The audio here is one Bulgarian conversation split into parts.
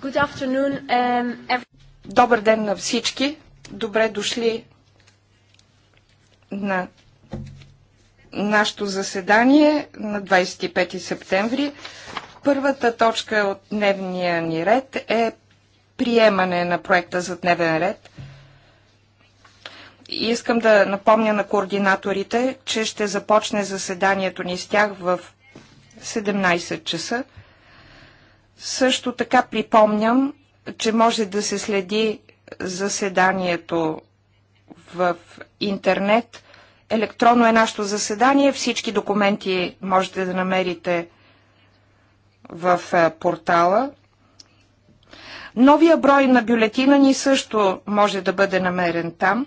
Good afternoon, um, every... Добър ден на всички. Добре дошли на нашето заседание на 25 септември. Първата точка от дневния ни ред е приемане на проекта за дневен ред. И искам да напомня на координаторите, че ще започне заседанието ни с тях в 17 часа. Също така припомням, че може да се следи заседанието в интернет. Електронно е нашето заседание. Всички документи можете да намерите в е, портала. Новия брой на бюлетина ни също може да бъде намерен там.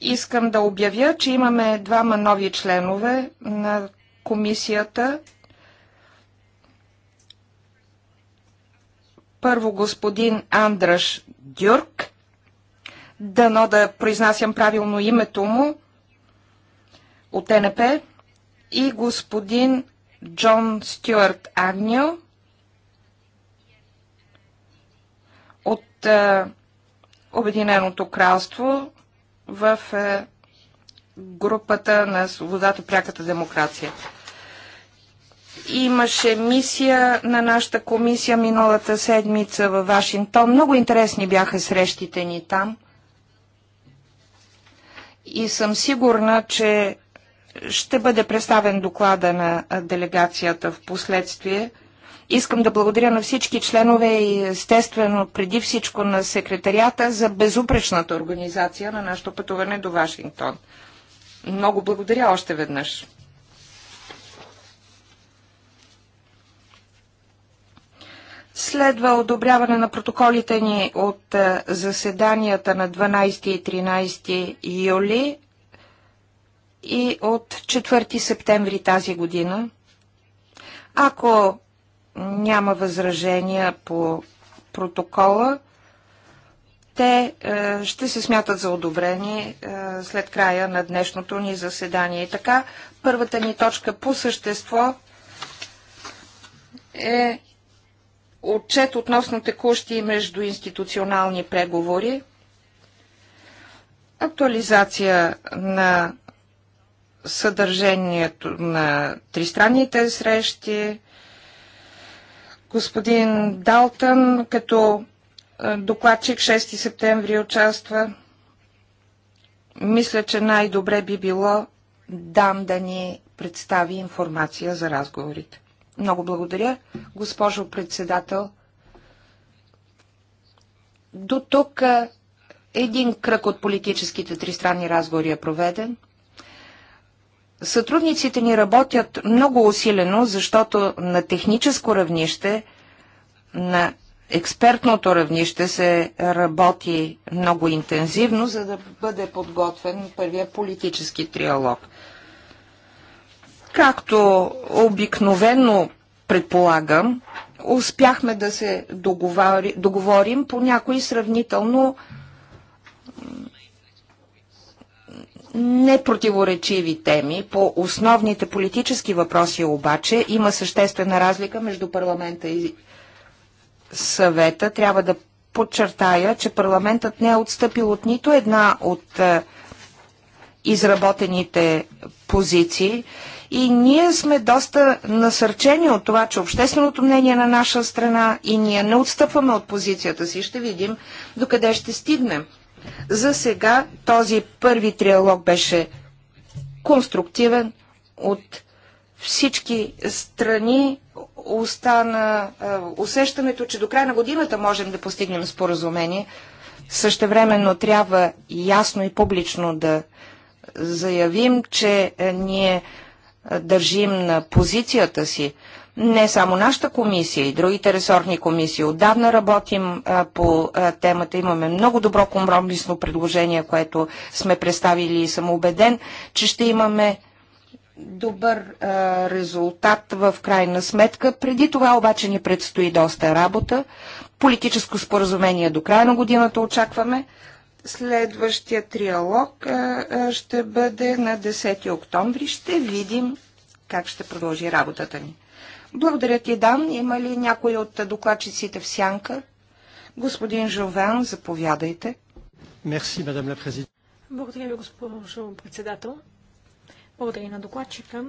Искам да обявя, че имаме двама нови членове на комисията Първо господин Андраш Дюрк, дано да произнасям правилно името му от НП, и господин Джон Стюарт Агнио от е, Обединеното кралство в е, групата на свободата пряката демокрация. Имаше мисия на нашата комисия миналата седмица във Вашингтон. Много интересни бяха срещите ни там. И съм сигурна, че ще бъде представен доклада на делегацията в последствие. Искам да благодаря на всички членове и естествено преди всичко на секретарията за безупречната организация на нашето пътуване до Вашингтон. Много благодаря още веднъж. Следва одобряване на протоколите ни от е, заседанията на 12 и 13 юли и от 4 септември тази година. Ако няма възражения по протокола, те е, ще се смятат за одобрени е, след края на днешното ни заседание. И така, първата ни точка по същество е отчет относно текущи и междуинституционални преговори, актуализация на съдържанието на тристранните срещи, господин Далтън като докладчик 6 септември участва. Мисля, че най-добре би било дам да ни представи информация за разговорите. Много благодаря, госпожо председател. До тук един кръг от политическите тристранни разговори е проведен. Сътрудниците ни работят много усилено, защото на техническо равнище, на експертното равнище се работи много интензивно, за да бъде подготвен първия политически триалог. Както обикновено предполагам, успяхме да се договори, договорим по някои сравнително непротиворечиви теми. По основните политически въпроси обаче има съществена разлика между парламента и съвета. Трябва да подчертая, че парламентът не е отстъпил от нито една от е, изработените позиции и ние сме доста насърчени от това, че общественото мнение на наша страна и ние не отстъпваме от позицията си. Ще видим докъде ще стигнем. За сега този първи триалог беше конструктивен от всички страни остана усещането, че до края на годината можем да постигнем споразумение. Същевременно трябва ясно и публично да заявим, че ние държим на позицията си. Не само нашата комисия и другите ресорни комисии. Отдавна работим а, по а, темата. Имаме много добро компромисно предложение, което сме представили и съм убеден, че ще имаме добър а, резултат в крайна сметка. Преди това обаче ни предстои доста работа. Политическо споразумение до края на годината очакваме. Следващия триалог ще бъде на 10 октомври. Ще видим как ще продължи работата ни. Благодаря ти, Дан. Има ли някой от докладчиците в сянка? Господин Жовен, заповядайте. Мерси, мадам ла президент. Благодаря ви, госпожо председател. Благодаря на докладчика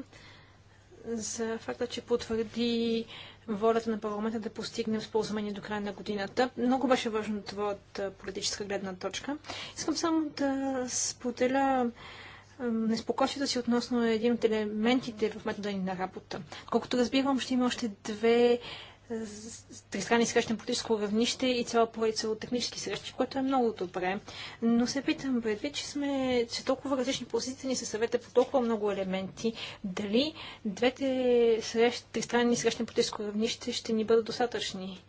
за факта, че потвърди волята на парламента да постигнем споразумение до края на годината. Много беше важно това от политическа гледна точка. Искам само да споделя неспокойствието си относно един от елементите в метода ни на работа. Колкото разбирам, ще има още две тристранни срещи на политическо равнище и цяла поредица от технически срещи, което е много добре. Но се питам предвид, че сме че толкова различни позиции ни се съвета по толкова много елементи, дали двете срещ, тристранни срещи на политическо равнище ще ни бъдат достатъчни.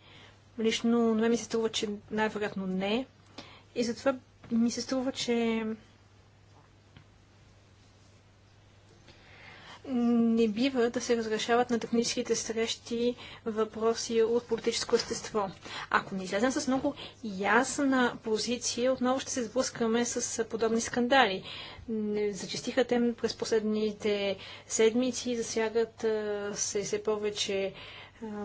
Лично но мен ми се струва, че най-вероятно не. И затова ми се струва, че не бива да се разрешават на техническите срещи въпроси от политическо естество. Ако не излезем с много ясна позиция, отново ще се сблъскаме с подобни скандали. зачистиха те през последните седмици, засягат се все повече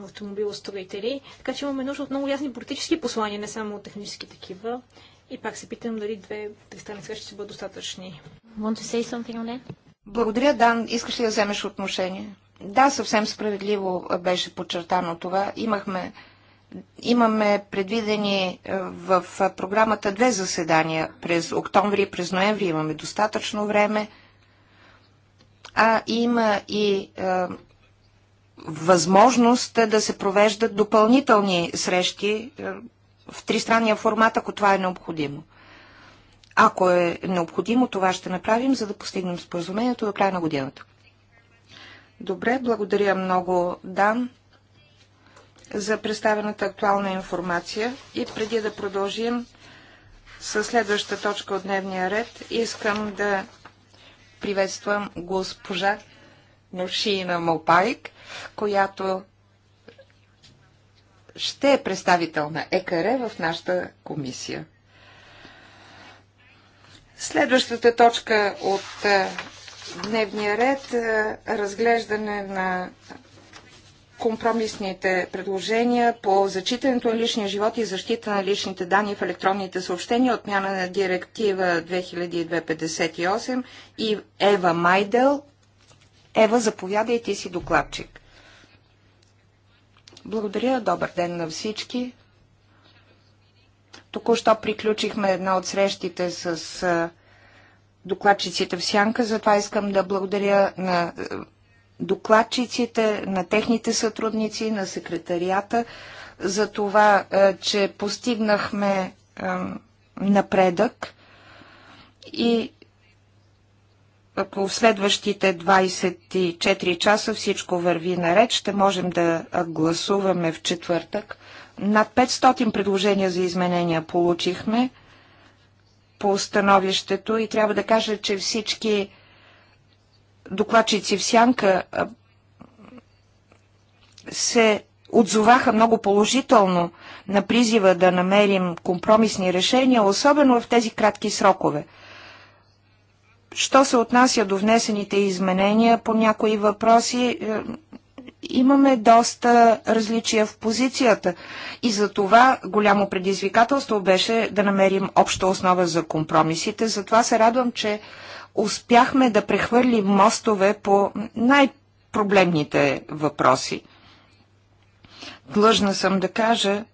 автомобилостроители. Така че имаме нужда от много ясни политически послания, не само от технически такива. И пак се питам дали две тристранни срещи ще бъдат достатъчни. Want to say something on that? Благодаря, Дан. Искаш ли да вземеш отношение? Да, съвсем справедливо беше подчертано това. Имахме, имаме предвидени е, в програмата две заседания. През октомври и през ноември имаме достатъчно време. А има и е, възможност да се провеждат допълнителни срещи е, в тристранния формат, ако това е необходимо. Ако е необходимо, това ще направим, за да постигнем споразумението до края на годината. Добре, благодаря много, Дан, за представената актуална информация. И преди да продължим с следващата точка от дневния ред, искам да приветствам госпожа Нушина Мопайк, която ще е представител на ЕКР в нашата комисия. Следващата точка от е, дневния ред е, разглеждане на компромисните предложения по зачитането на личния живот и защита на личните данни в електронните съобщения, отмяна на директива 2258 и Ева Майдел. Ева, заповядайте си докладчик. Благодаря, добър ден на всички. Току-що приключихме една от срещите с докладчиците в Сянка, затова искам да благодаря на докладчиците, на техните сътрудници, на секретарията за това, че постигнахме напредък и ако в следващите 24 часа всичко върви наред, ще можем да гласуваме в четвъртък над 500 предложения за изменения получихме по становището и трябва да кажа, че всички докладчици в Сянка се отзоваха много положително на призива да намерим компромисни решения, особено в тези кратки срокове. Що се отнася до внесените изменения по някои въпроси, е, имаме доста различия в позицията и за това голямо предизвикателство беше да намерим обща основа за компромисите. Затова се радвам, че успяхме да прехвърлим мостове по най-проблемните въпроси. Длъжна съм да кажа,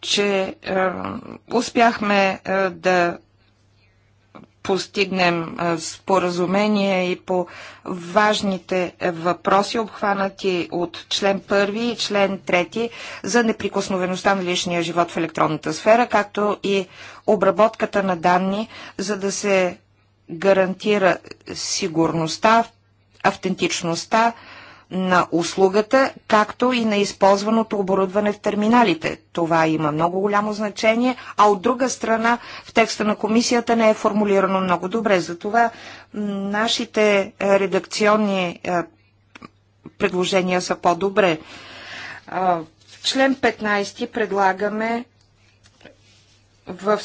че е, успяхме е, да постигнем споразумение и по важните въпроси, обхванати от член 1 и член 3 за неприкосновеността на личния живот в електронната сфера, както и обработката на данни, за да се гарантира сигурността, автентичността на услугата, както и на използваното оборудване в терминалите. Това има много голямо значение, а от друга страна в текста на комисията не е формулирано много добре. Затова нашите е, редакционни е, предложения са по-добре. В е, член 15 предлагаме в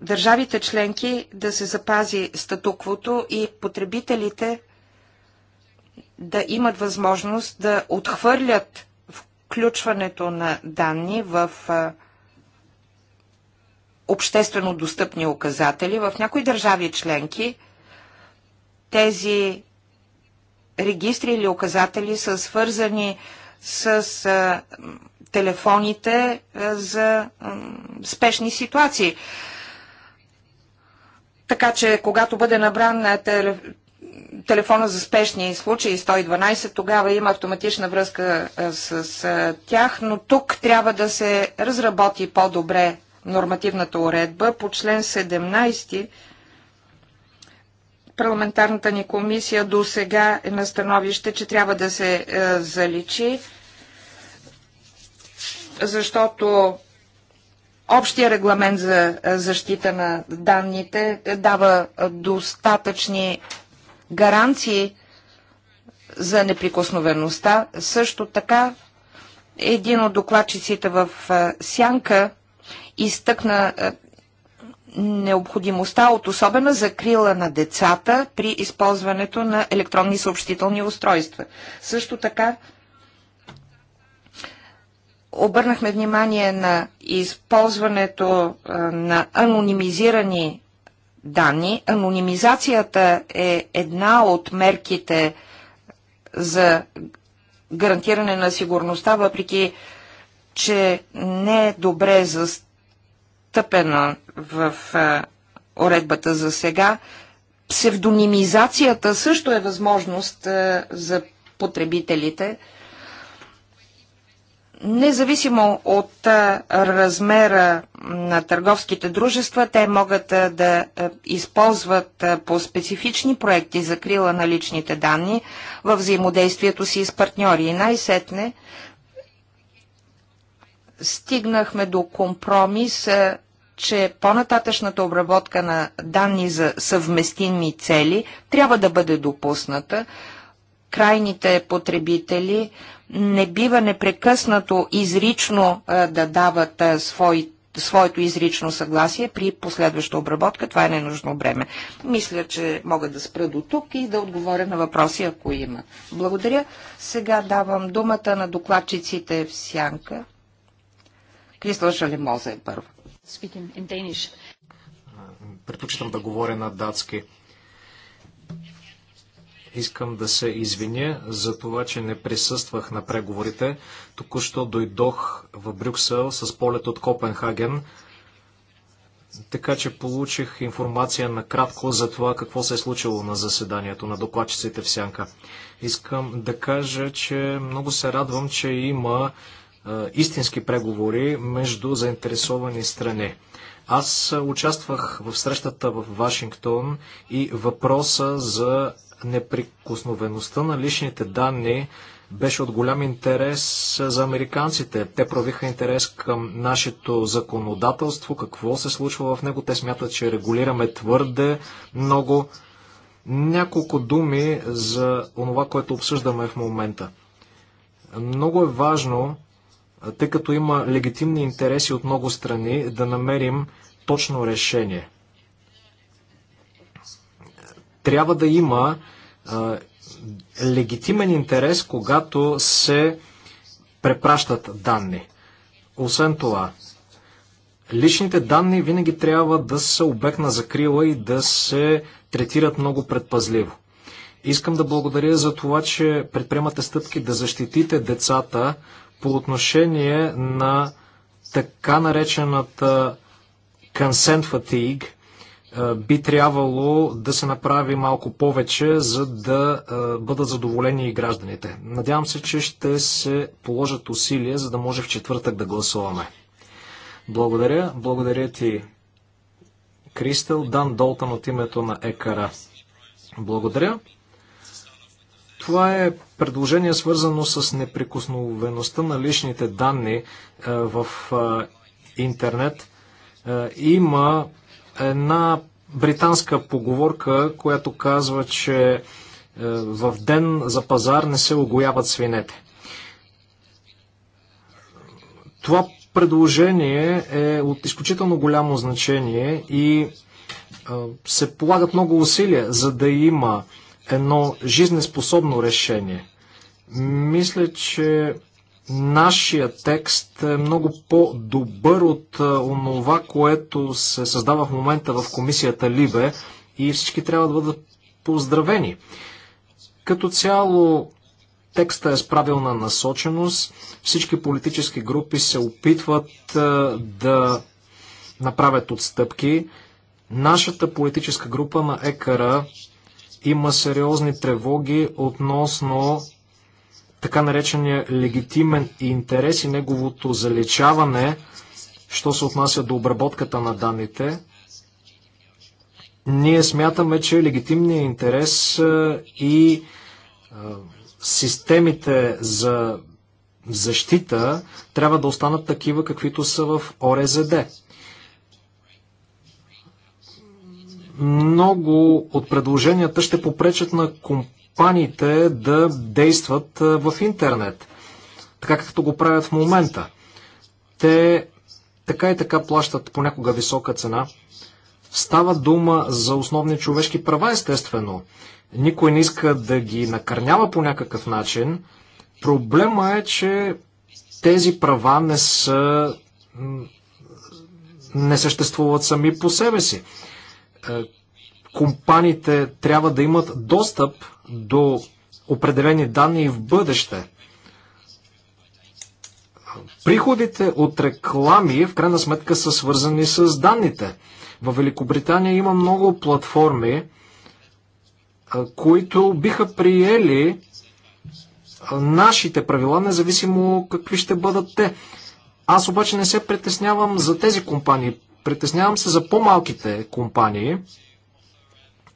държавите членки да се запази статуквото и потребителите да имат възможност да отхвърлят включването на данни в обществено достъпни указатели. В някои държави членки тези регистри или указатели са свързани с а, телефоните а, за а, спешни ситуации. Така че, когато бъде набран теле, телефона за спешни случаи 112, тогава има автоматична връзка с, с тях, но тук трябва да се разработи по-добре нормативната уредба. По член 17 парламентарната ни комисия до сега е на становище, че трябва да се е, заличи, защото Общия регламент за защита на данните дава достатъчни гаранции за неприкосновеността. Също така един от докладчиците в Сянка изтъкна необходимостта от особена закрила на децата при използването на електронни съобщителни устройства. Също така обърнахме внимание на използването на анонимизирани данни. Анонимизацията е една от мерките за гарантиране на сигурността, въпреки че не е добре застъпена в а, уредбата за сега. Псевдонимизацията също е възможност а, за потребителите Независимо от размера на търговските дружества, те могат да използват по специфични проекти за крила на личните данни в взаимодействието си с партньори. И най-сетне стигнахме до компромис, че по-нататъчната обработка на данни за съвместими цели трябва да бъде допусната. Крайните потребители – не бива непрекъснато изрично да дават свои, своето изрично съгласие при последваща обработка. Това е ненужно време. Мисля, че мога да спра до тук и да отговоря на въпроси, ако има. Благодаря. Сега давам думата на докладчиците в Сянка. Крисла Шалемоза е първа. Предпочитам да говоря на датски. Искам да се извиня за това, че не присъствах на преговорите. Току-що дойдох в Брюксел с полет от Копенхаген, така че получих информация накратко за това какво се е случило на заседанието на докладчиците в Сянка. Искам да кажа, че много се радвам, че има е, истински преговори между заинтересовани страни. Аз участвах в срещата в Вашингтон и въпроса за неприкосновеността на личните данни беше от голям интерес за американците. Те правиха интерес към нашето законодателство, какво се случва в него. Те смятат, че регулираме твърде много. Няколко думи за това, което обсъждаме в момента. Много е важно, тъй като има легитимни интереси от много страни, да намерим точно решение. Трябва да има легитимен интерес, когато се препращат данни. Освен това, личните данни винаги трябва да са обект на закрила и да се третират много предпазливо. Искам да благодаря за това, че предприемате стъпки да защитите децата по отношение на така наречената consent fatigue – е, би трябвало да се направи малко повече, за да е, бъдат задоволени и гражданите. Надявам се, че ще се положат усилия, за да може в четвъртък да гласуваме. Благодаря. Благодаря ти, Кристел. Дан Долтан от името на ЕКАРА. Благодаря. Това е предложение свързано с неприкосновеността на личните данни е, в интернет. Има една британска поговорка, която казва, че е, в ден за пазар не се огояват свинете. Това предложение е от изключително голямо значение и е, се полагат много усилия, за да има едно жизнеспособно решение. Мисля, че Нашия текст е много по-добър от е, онова, което се създава в момента в комисията Либе и всички трябва да бъдат поздравени. Като цяло текста е с правилна насоченост. Всички политически групи се опитват е, да направят отстъпки. Нашата политическа група на ЕКРА има сериозни тревоги относно така наречения легитимен интерес и неговото заличаване, що се отнася до обработката на данните, ние смятаме, че легитимният интерес и системите за защита трябва да останат такива, каквито са в ОРЗД. Много от предложенията ще попречат на компания компаниите да действат в интернет, така както го правят в момента. Те така и така плащат понякога висока цена. Става дума за основни човешки права, естествено. Никой не иска да ги накърнява по някакъв начин. Проблема е, че тези права не са не съществуват сами по себе си. Е, компаниите трябва да имат достъп до определени данни в бъдеще. Приходите от реклами в крайна сметка са свързани с данните. В Великобритания има много платформи, които биха приели нашите правила, независимо какви ще бъдат те. Аз обаче не се притеснявам за тези компании. Притеснявам се за по-малките компании,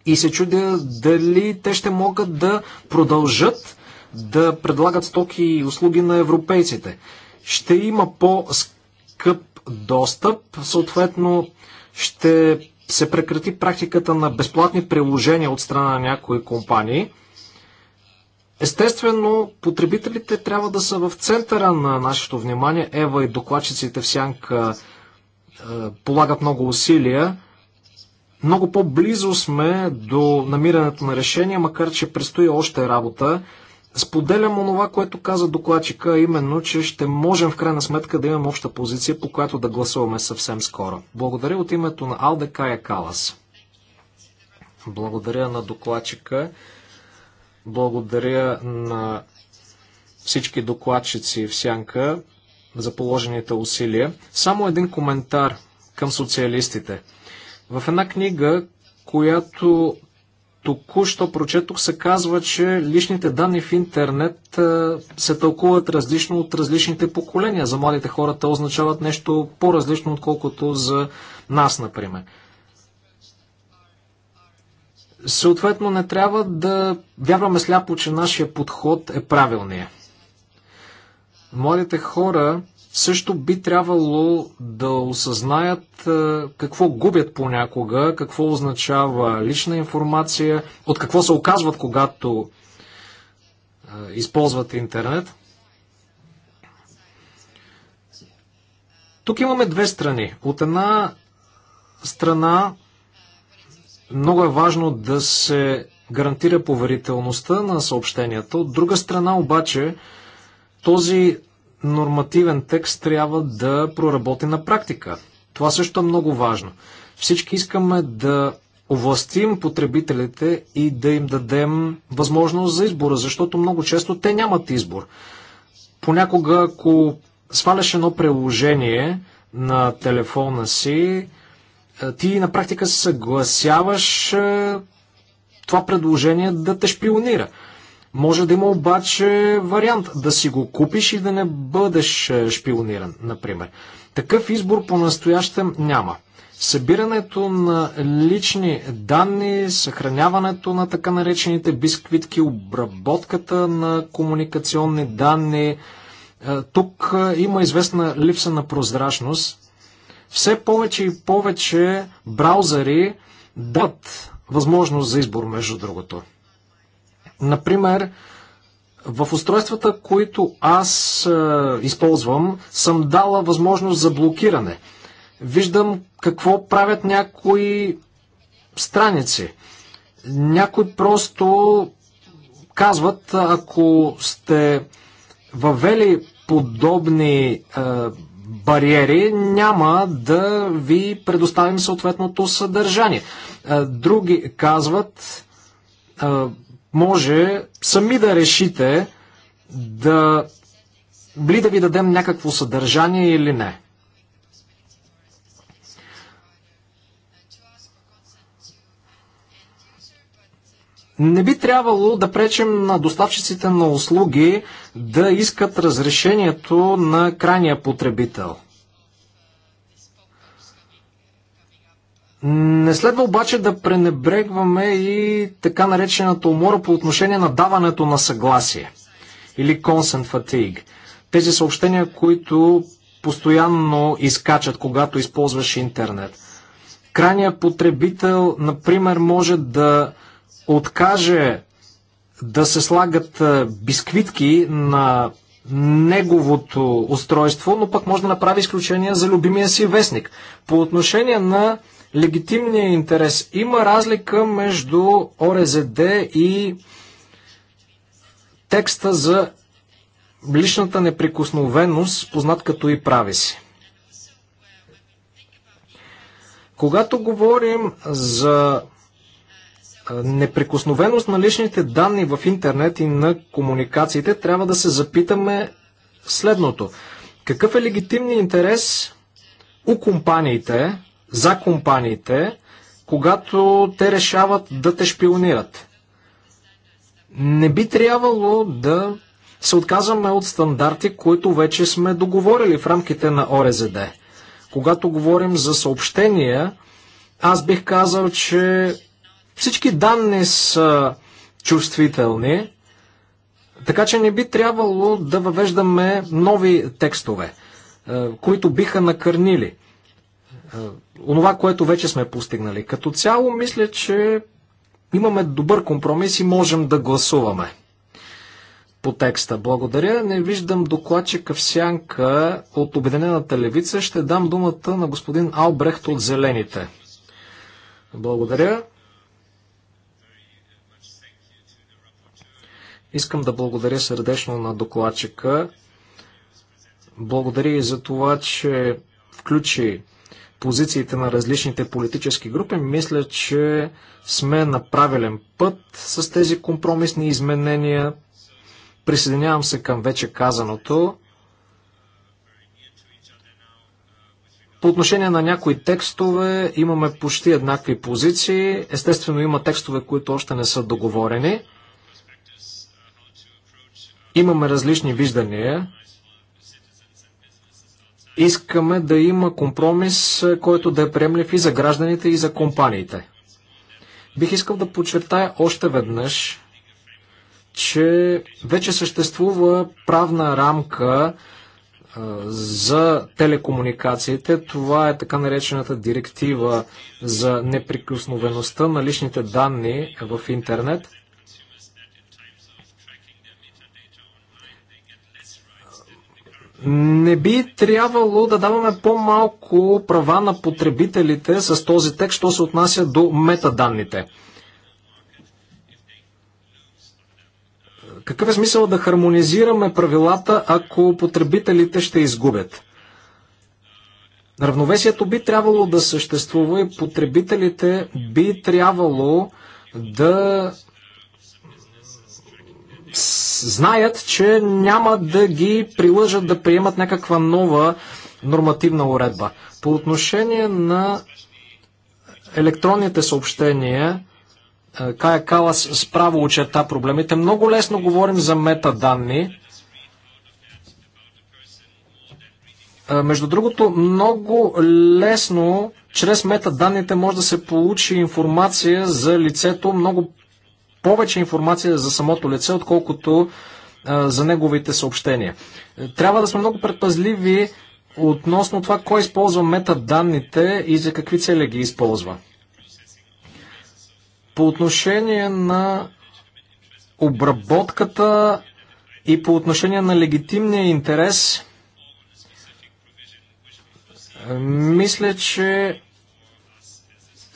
и се чудя дали те ще могат да продължат да предлагат стоки и услуги на европейците. Ще има по-скъп достъп, съответно ще се прекрати практиката на безплатни приложения от страна на някои компании. Естествено, потребителите трябва да са в центъра на нашето внимание. Ева и докладчиците в Сянка е, полагат много усилия. Много по-близо сме до намирането на решение, макар че предстои още работа. Споделям онова, което каза докладчика, именно, че ще можем в крайна сметка да имаме обща позиция, по която да гласуваме съвсем скоро. Благодаря от името на Алде Кая Калас. Благодаря на докладчика. Благодаря на всички докладчици в Сянка за положените усилия. Само един коментар към социалистите – в една книга, която току-що прочетох, се казва, че личните данни в интернет се тълкуват различно от различните поколения. За младите хора те означават нещо по-различно, отколкото за нас, например. Съответно, не трябва да вярваме сляпо, че нашия подход е правилния. Младите хора също би трябвало да осъзнаят е, какво губят понякога, какво означава лична информация, от какво се оказват, когато е, използват интернет. Тук имаме две страни. От една страна много е важно да се гарантира поверителността на съобщенията. От друга страна обаче този нормативен текст трябва да проработи на практика. Това също е много важно. Всички искаме да овластим потребителите и да им дадем възможност за избора, защото много често те нямат избор. Понякога, ако сваляш едно приложение на телефона си, е, ти на практика се съгласяваш е, това предложение да те шпионира. Може да има обаче вариант да си го купиш и да не бъдеш е, шпиониран, например. Такъв избор по-настоящем няма. Събирането на лични данни, съхраняването на така наречените бисквитки, обработката на комуникационни данни, е, тук е, има известна липса на прозрачност. Все повече и повече браузъри дат възможност за избор, между другото. Например, в устройствата, които аз е, използвам, съм дала възможност за блокиране. Виждам какво правят някои страници. Някои просто казват, ако сте въвели подобни е, бариери, няма да ви предоставим съответното съдържание. Е, други казват, е, може сами да решите да били да ви дадем някакво съдържание или не. Не би трябвало да пречим на доставчиците на услуги да искат разрешението на крайния потребител. Не следва обаче да пренебрегваме и така наречената умора по отношение на даването на съгласие или consent fatigue. Тези съобщения, които постоянно изкачат, когато използваш интернет. Крайният потребител, например, може да откаже да се слагат бисквитки на неговото устройство, но пък може да направи изключение за любимия си вестник. По отношение на легитимния интерес. Има разлика между ОРЗД и текста за личната неприкосновеност, познат като и прави си. Когато говорим за неприкосновеност на личните данни в интернет и на комуникациите, трябва да се запитаме следното. Какъв е легитимният интерес у компаниите за компаниите, когато те решават да те шпионират. Не би трябвало да се отказваме от стандарти, които вече сме договорили в рамките на ОРЗД. Когато говорим за съобщения, аз бих казал, че всички данни са чувствителни, така че не би трябвало да въвеждаме нови текстове, е, които биха накърнили е, онова, което вече сме постигнали. Като цяло, мисля, че имаме добър компромис и можем да гласуваме по текста. Благодаря. Не виждам докладчика в сянка от Обединената левица. Ще дам думата на господин Албрехт от Зелените. Благодаря. Искам да благодаря сърдечно на докладчика. Благодаря и за това, че включи позициите на различните политически групи, мисля, че сме на правилен път с тези компромисни изменения. Присъединявам се към вече казаното. По отношение на някои текстове имаме почти еднакви позиции. Естествено има текстове, които още не са договорени. Имаме различни виждания Искаме да има компромис, е, който да е приемлив и за гражданите, и за компаниите. Бих искал да подчертая още веднъж, че вече съществува правна рамка е, за телекомуникациите. Това е така наречената директива за неприкосновеността на личните данни в интернет – Не би трябвало да даваме по-малко права на потребителите с този текст, що се отнася до метаданните. Какъв е смисъл да хармонизираме правилата, ако потребителите ще изгубят? Равновесието би трябвало да съществува и потребителите би трябвало да знаят, че няма да ги прилъжат да приемат някаква нова нормативна уредба. По отношение на електронните съобщения, е, Кая Калас справо очерта проблемите. Много лесно говорим за метаданни. Е, между другото, много лесно, чрез метаданните може да се получи информация за лицето много повече информация за самото лице, отколкото за неговите съобщения. Трябва да сме много предпазливи относно това, кой използва метаданните и за какви цели ги използва. По отношение на обработката и по отношение на легитимния интерес, мисля, че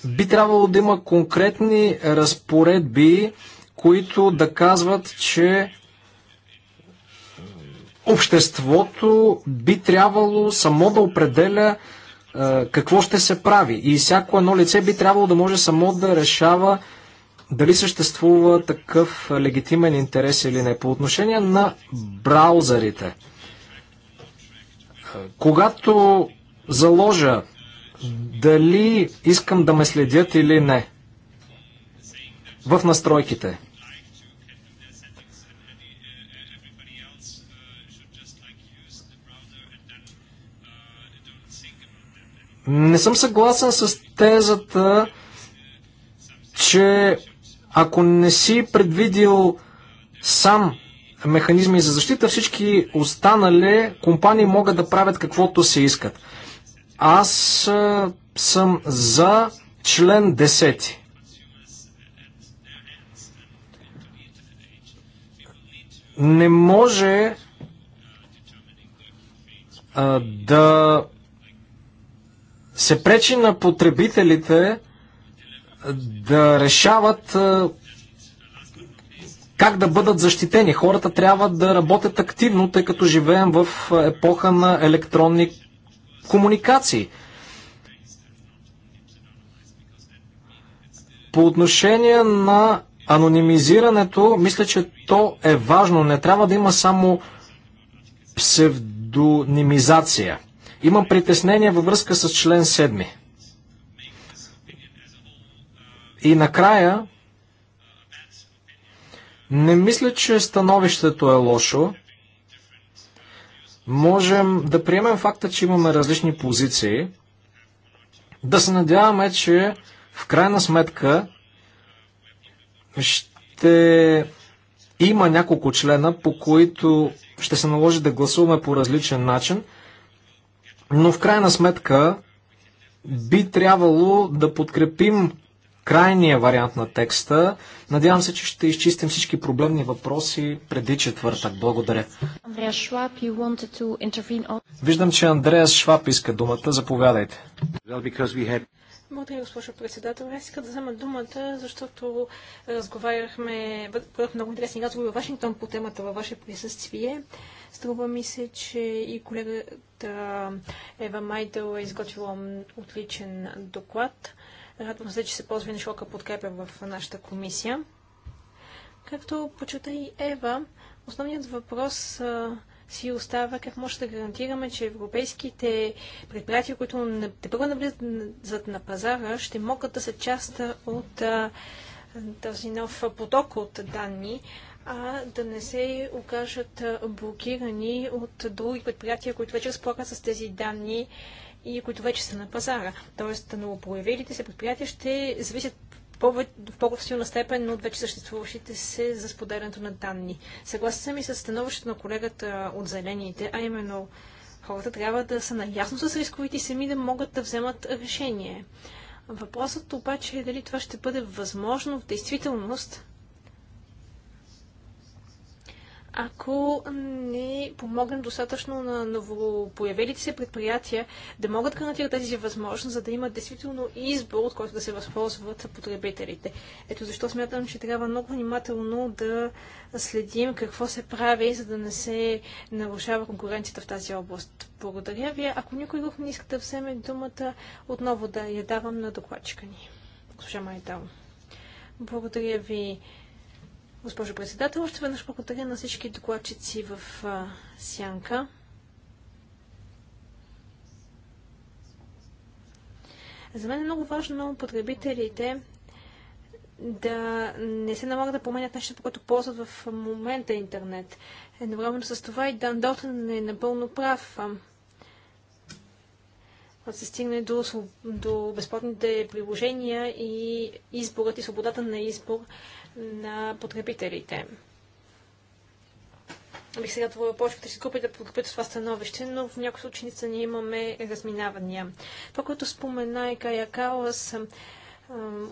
би трябвало да има конкретни разпоредби, които да казват, че обществото би трябвало само да определя е, какво ще се прави. И всяко едно лице би трябвало да може само да решава дали съществува такъв легитимен интерес или не. По отношение на браузърите, е, когато заложа дали искам да ме следят или не в настройките. Не съм съгласен с тезата, че ако не си предвидил сам механизми за защита, всички останали компании могат да правят каквото се искат. Аз а, съм за член 10. Не може а, да се пречи на потребителите да решават а, как да бъдат защитени. Хората трябва да работят активно, тъй като живеем в епоха на електронни комуникации. По отношение на анонимизирането, мисля, че то е важно. Не трябва да има само псевдонимизация. Имам притеснение във връзка с член 7. И накрая, не мисля, че становището е лошо можем да приемем факта, че имаме различни позиции, да се надяваме, че в крайна сметка ще има няколко члена, по които ще се наложи да гласуваме по различен начин, но в крайна сметка би трябвало да подкрепим крайния вариант на текста. Надявам се, че ще изчистим всички проблемни въпроси преди четвъртък. Благодаря. Виждам, че Андреас Шваб иска думата. Заповядайте. Well, Благодаря, госпожо председател. Аз искам да взема думата, защото разговаряхме, бъдат много интересни разговори в Вашингтон по темата във ваше присъствие. Струва ми се, че и колегата Ева Майдъл е изготвила отличен доклад. Радвам се, че се ползва на шока подкрепя в нашата комисия. Както почута и Ева, основният въпрос а, си остава как може да гарантираме, че европейските предприятия, които не първо навлизат на пазара, ще могат да са част от а, този нов поток от данни, а да не се окажат блокирани от други предприятия, които вече разполагат с тези данни и които вече са на пазара. Тоест, новопроявилите се предприятия ще зависят в по-силна степен от вече съществуващите се за споделянето на данни. Съгласен съм и с становището на колегата от Зелените, а именно хората трябва да са наясно с рисковите и сами да могат да вземат решение. Въпросът обаче е дали това ще бъде възможно в действителност, ако не помогнем достатъчно на новопоявелите се предприятия да могат да гарантират тази възможност, за да имат действително избор, от който да се възползват потребителите. Ето защо смятам, че трябва много внимателно да следим какво се прави, за да не се нарушава конкуренцията в тази област. Благодаря ви. Ако никой друг не иска да вземе думата, отново да я давам на докладчика ни. Госпожа Майдал. Благодаря ви Госпожо председател, още веднъж благодаря на всички докладчици в а, Сянка. За мен е много важно потребителите да не се налага да променят нещо, по което ползват в момента интернет. Едновременно с това и Дан Дотън е напълно прав. Когато се стигне до, до безплатните приложения и изборът и свободата на избор на потребителите. Бих сега това повече си купите да подкрепите това становище, но в някои случаи ние имаме разминавания. Това, което спомена и Кая Калас,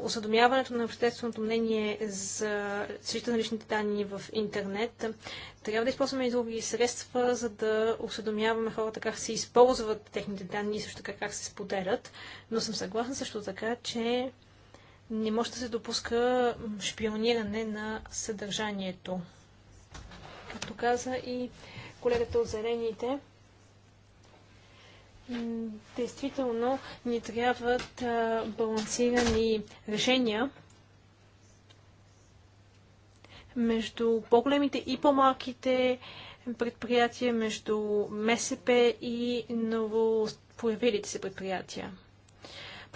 осъдомяването на общественото мнение за защита на личните данни в интернет. Трябва да използваме и други средства, за да осъдомяваме хората как се използват техните данни и също така как се споделят. Но съм съгласна също така, че не може да се допуска шпиониране на съдържанието. Както каза и колегата от Зелените, действително ни трябват балансирани решения между по-големите и по-малките предприятия, между МСП и новостоявилите се предприятия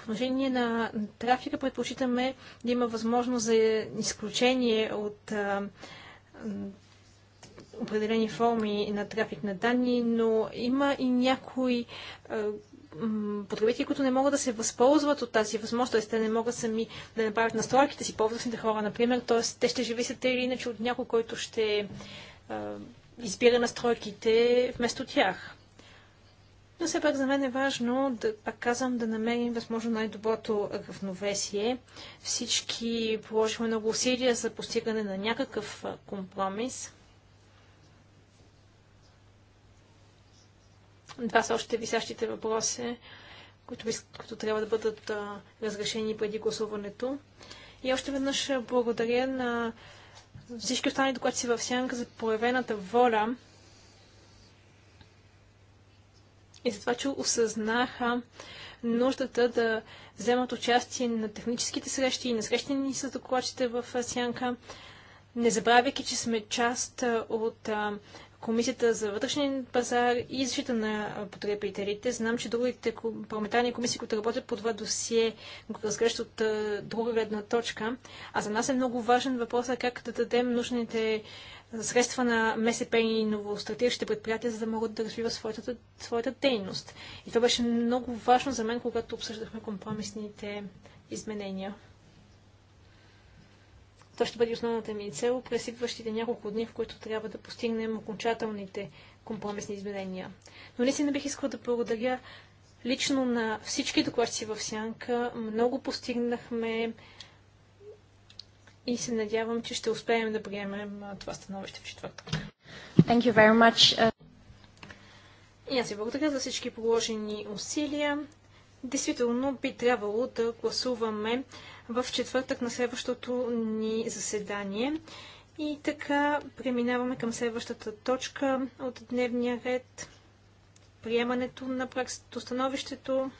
отношение на трафика предпочитаме да има възможност за изключение от определени форми на трафик на данни, но има и някои потребители, които не могат да се възползват от тази възможност, т.е. те не могат сами да направят настройките си, по-възрастните хора, например, т.е. те ще живисят или иначе от някой, който ще избира настройките вместо тях. Но все пак за мен е важно, да, пак казвам, да намерим възможно най-доброто равновесие. Всички положихме много усилия за постигане на някакъв компромис. Два са още висящите въпроси, които, които трябва да бъдат а, разрешени преди гласуването. И още веднъж благодаря на всички останали докладци в сянка за проявената воля и за това, че осъзнаха нуждата да вземат участие на техническите срещи и на срещи ни с докладчите в Сянка, не забравяйки, че сме част от Комисията за вътрешни пазар и защита на потребителите. Знам, че другите парламентарни комисии, които работят по това досие, го разглеждат от друга гледна точка. А за нас е много важен въпросът как да дадем нужните средства на МСП и новостратиращите предприятия, за да могат да развиват своята, своята дейност. И това беше много важно за мен, когато обсъждахме компромисните изменения. То ще бъде основната ми цел през идващите няколко дни, в които трябва да постигнем окончателните компромисни изменения. Но наистина бих искала да благодаря лично на всички докладчици в Сянка. Много постигнахме и се надявам, че ще успеем да приемем това становище в четвъртък. Thank you very much. И аз ви благодаря за всички положени усилия. Действително би трябвало да гласуваме в четвъртък на следващото ни заседание. И така преминаваме към следващата точка от дневния ред. Приемането на практиката, становището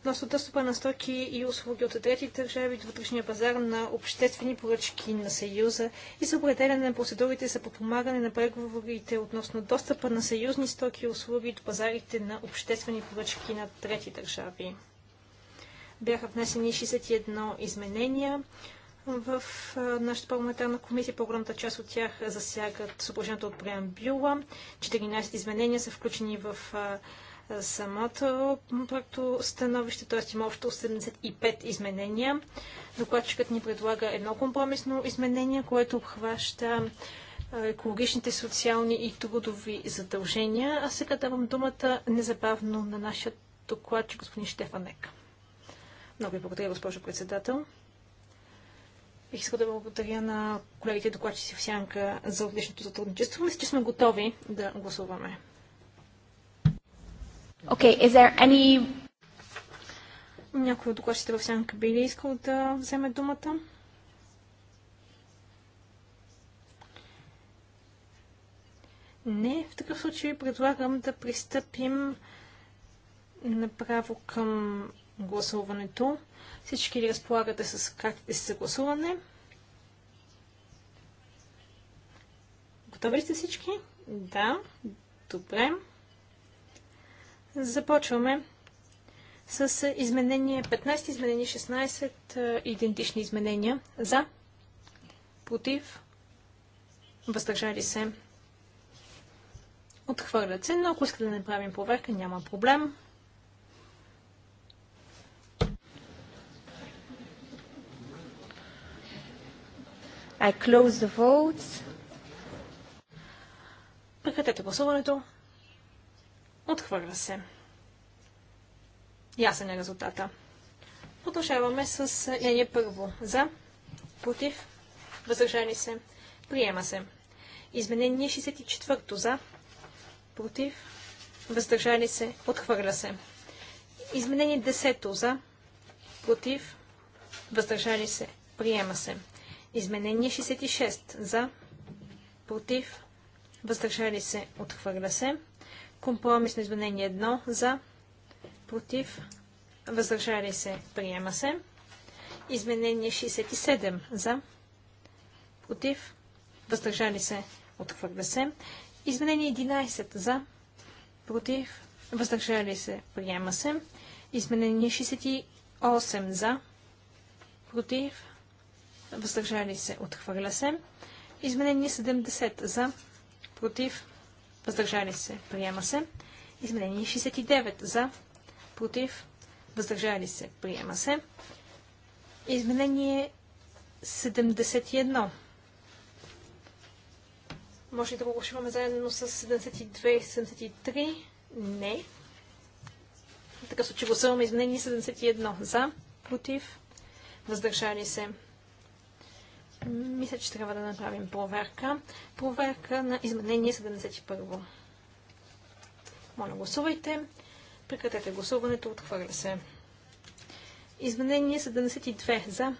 относно достъпа на стоки и услуги от трети държави до вътрешния пазар на обществени поръчки на Съюза и за определяне на процедурите за подпомагане на преговорите относно достъпа на съюзни стоки и услуги до пазарите на обществени поръчки на трети държави бяха внесени 61 изменения в нашата парламентарна комисия. По-голямата част от тях засягат съображението от преамбюла. 14 изменения са включени в самото проекто становище, т.е. има общо 75 изменения. Докладчикът ни предлага едно компромисно изменение, което обхваща екологичните, социални и трудови задължения. А сега давам думата незабавно на нашия докладчик господин Штефанек. Много ви благодаря, госпожо председател. Бих искал да благодаря на колегите докладчици в Сянка за отличното сътрудничество. Мисля, че сме готови да гласуваме. Okay, is there any... Някой от докладчите в Сянка би ли искал да вземе думата? Не, в такъв случай предлагам да пристъпим направо към гласуването. Всички ли разполагате с картите си за гласуване? Готови ли сте всички? Да. Добре. Започваме с изменение 15, изменение 16, е, идентични изменения. За, против, въздържали се, отхвърлят се, но ако искате да направим проверка, няма проблем. I close the votes. Прекратете гласуването. Отхвърля се. Ясен е резултата. Продължаваме с мнение първо. За, против, въздържани се, приема се. Изменение 64 за, против, въздържали се, отхвърля се. Изменение 10 за, против, въздържали се, приема се. Изменение 66 за, против, въздържали се, отхвърля се. Компромисно изменение 1 за, против, въздържали се, приема се. Изменение 67 за, против, въздържали се, отхвърля се. Изменение 11 за, против, въздържали се, приема се. Изменение 68 за, против, въздържали се, отхвърля се. Изменение 70 за, против, въздържали се, приема се. Изменение 69 за, против, въздържали се, приема се. Изменение 71. Може ли да го гласуваме заедно с 72 и 73? Не. Така случай гласуваме изменение 71 за, против, въздържали се, мисля, че трябва да направим проверка. Проверка на изменение 71. Моля, гласувайте. Прекратете гласуването. Отхвърля се. Изменение 72 за,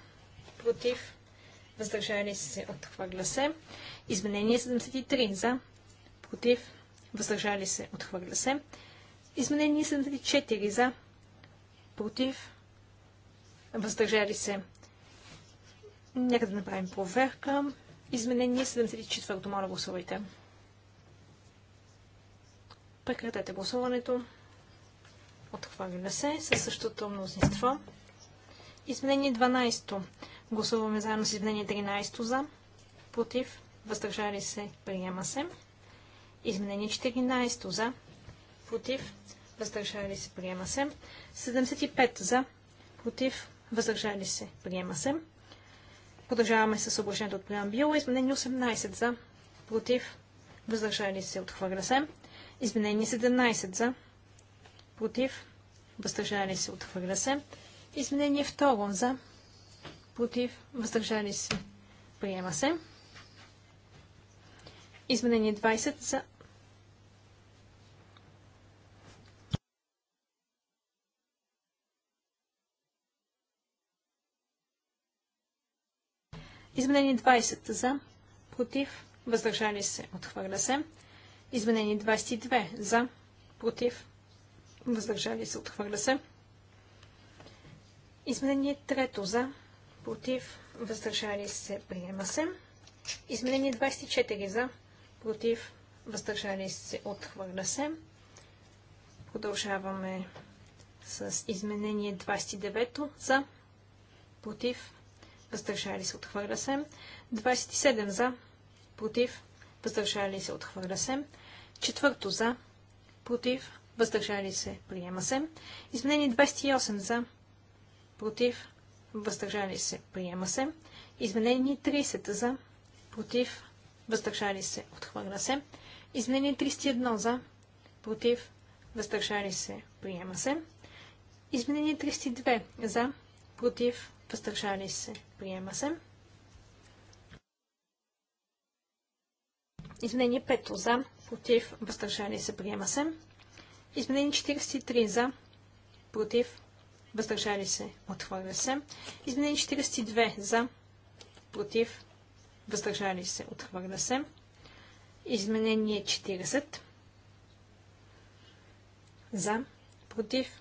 против, въздържали се, отхвърля се. Изменение 73 за, против, въздържали се, отхвърля се. Изменение 74 за, против, въздържали се, Нека да направим проверка. Изменение 74-то. Моля, гласувайте. Прекратете гласуването. Отхвърля се със същото мнозинство. Изменение 12-то. Гласуваме заедно с изменение 13-то за. Против. Въздържали се. Приема се. Изменение 14 за. Против. Въздържали се. Приема се. 75 за. Против. Въздържали се. Приема се. Продължаваме с съображението от преамбила. Изменение 18 за, против, въздържали се, отхвърля се. Изменение 17 за, против, въздържали се, отхвърля се. Изменение 2 за, против, въздържали се, приема се. Изменение 20 за Изменение 20 за, против, въздържали се, отхвърля се. Изменение 22 за, против, въздържали се, отхвърля се. Изменение 3 за, против, въздържали се, приема се. Изменение 24 за, против, въздържали се, отхвърля се. Продължаваме с изменение 29 за, против, въздържали се, отхвърля се. 27 за, против, въздържали се, отхвърля се. Четвърто за, против, въздържали се, приема се. Изменение 28 за, против, въздържали се, приема се. Изменение 30 за, против, въздържали се, отхвърля се. Изменение 31 за, против, въздържали се, приема се. Изменение 32 за, против, въздържали се, приема се. Изменение 5 за, против, въздържали се, приема се. Изменение 43 за, против, въздържали се, отхвърля се. Изменение 42 за, против, въздържали се, отхвърля се. Изменение 40 за, против,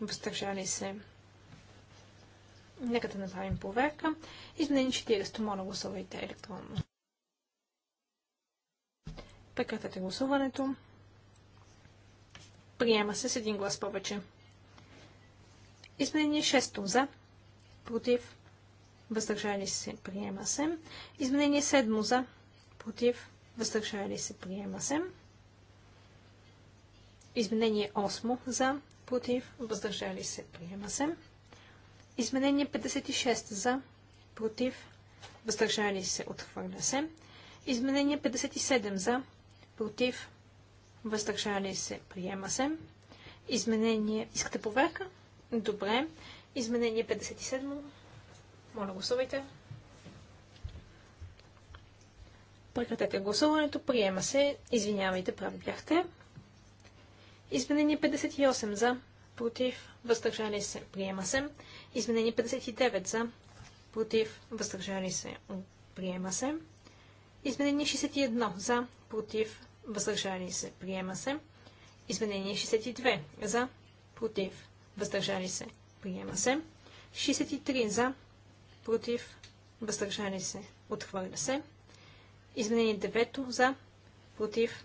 въздържали се, Нека да направим проверка. Изменение 40. Моля, гласувайте електронно. Прекратете гласуването. Приема се с един глас повече. Изменение 6 за, против, въздържали се, приема се. Изменение 7 за, против, въздържали се, приема се. Изменение 8 за, против, въздържали се, приема се. Изменение 56 за, против, въздържали се, отхвърля се. Изменение 57 за, против, въздържали се, приема се. Изменение... Искате проверка? Добре. Изменение 57. Моля, гласувайте. Прекратете гласуването. Приема се. Извинявайте, прави бяхте. Изменение 58 за, против, въздържали се, приема се. Изменение 59 за, против, въздържали се, приема се. Изменение 61 за, против, въздържали се, приема се. Изменение 62 за, против, въздържали се, приема се. 63 за, против, въздържали се, отхвърля се. Изменение 9 за, против,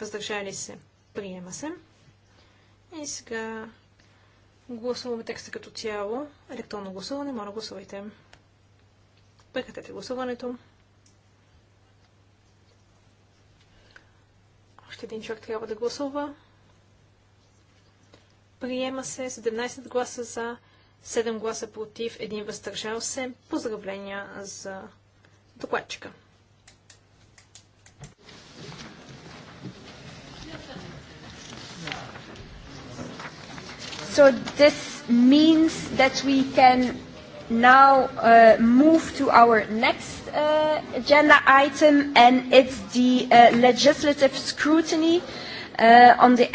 въздържали се, приема се. И сега Гласуваме текста като цяло. Електронно гласуване. Моля, гласувайте. Прекратете гласуването. Още един човек трябва да гласува. Приема се 17 гласа за, 7 гласа против, 1 въздържал се. Поздравления за докладчика. So this means that we can now uh, move to our next uh, agenda item, and it's the uh, legislative scrutiny uh, on the...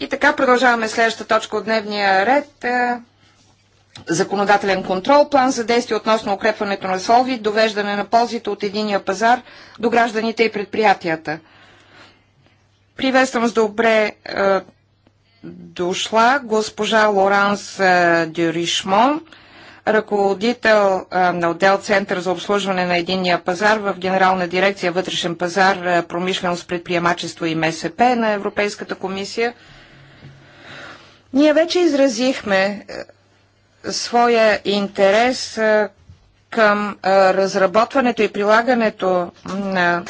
И така продължаваме следващата точка от дневния ред. Е, законодателен контрол, план за действие относно укрепването на Солви, довеждане на ползите от единия пазар до гражданите и предприятията. Приветствам с добре е, дошла госпожа Лоранс е, Дюришмон, ръководител е, на отдел Център за обслужване на единния пазар в Генерална дирекция Вътрешен пазар, е, промишленост, предприемачество и МСП на Европейската комисия. Ние вече изразихме своя интерес към разработването и прилагането на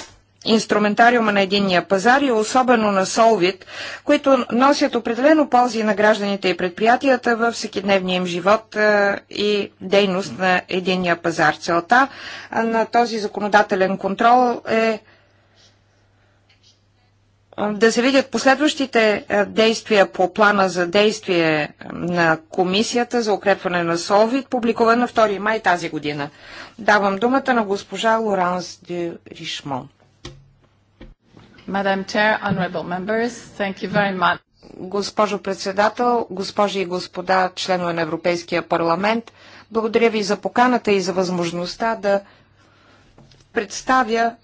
инструментариума на единния пазар и особено на Солвит, които носят определено ползи на гражданите и предприятията във всекидневния им живот и дейност на единния пазар. Целта на този законодателен контрол е да се видят последващите действия по плана за действие на Комисията за укрепване на Солвит, публикувана на 2 май тази година. Давам думата на госпожа Лоранс де Ришмон. Госпожо председател, госпожи и господа членове на Европейския парламент, благодаря ви за поканата и за възможността да представя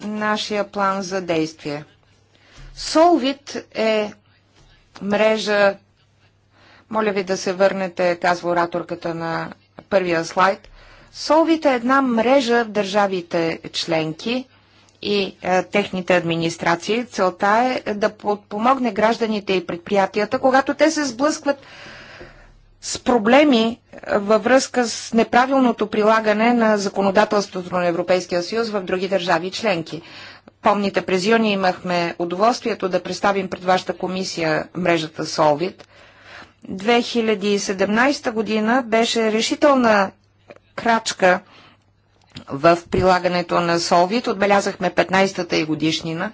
нашия план за действие. Солвит е мрежа, моля ви да се върнете, казва ораторката на първия слайд. Солвит е една мрежа в държавите членки – и е, техните администрации. Целта е да подпомогне гражданите и предприятията, когато те се сблъскват с проблеми е, във връзка с неправилното прилагане на законодателството на Европейския съюз в други държави членки. Помните, през юни имахме удоволствието да представим пред вашата комисия мрежата Solvit. 2017 година беше решителна крачка – в прилагането на Солвит. Отбелязахме 15-та и годишнина.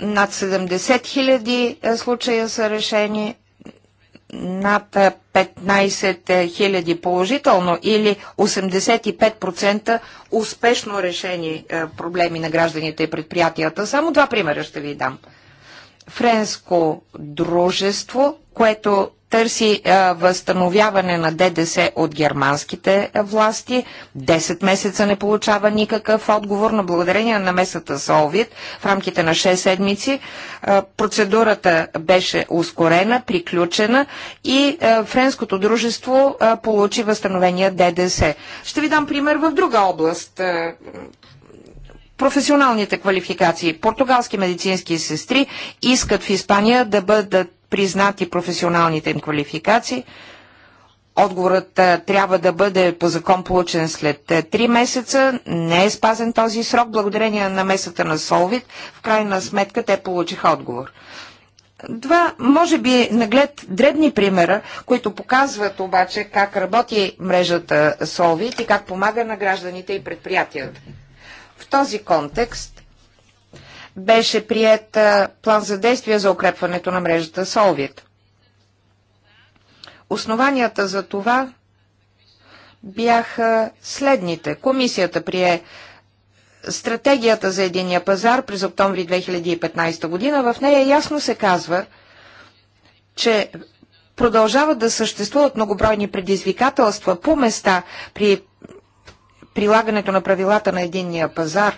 Над 70 хиляди е, случая са решени, над 15 е, е, хиляди положително или 85% успешно решени проблеми на гражданите и предприятията. Само два примера ще ви дам. Френско дружество, което търси а, възстановяване на ДДС от германските власти. 10 месеца не получава никакъв отговор на благодарение на намесата Овид в рамките на 6 седмици. А, процедурата беше ускорена, приключена и а, френското дружество а, получи възстановения ДДС. Ще ви дам пример в друга област. професионалните квалификации. Португалски медицински сестри искат в Испания да бъдат признати професионалните им квалификации. Отговорът трябва да бъде по закон получен след 3 месеца. Не е спазен този срок. Благодарение на месата на Солвит, в крайна сметка те получиха отговор. Два, може би, наглед дребни примера, които показват обаче как работи мрежата Солвит и как помага на гражданите и предприятията. В този контекст беше прият план за действие за укрепването на мрежата Солвит. Основанията за това бяха следните. Комисията прие стратегията за единия пазар през октомври 2015 година. В нея ясно се казва, че продължават да съществуват многобройни предизвикателства по места при прилагането на правилата на единния пазар,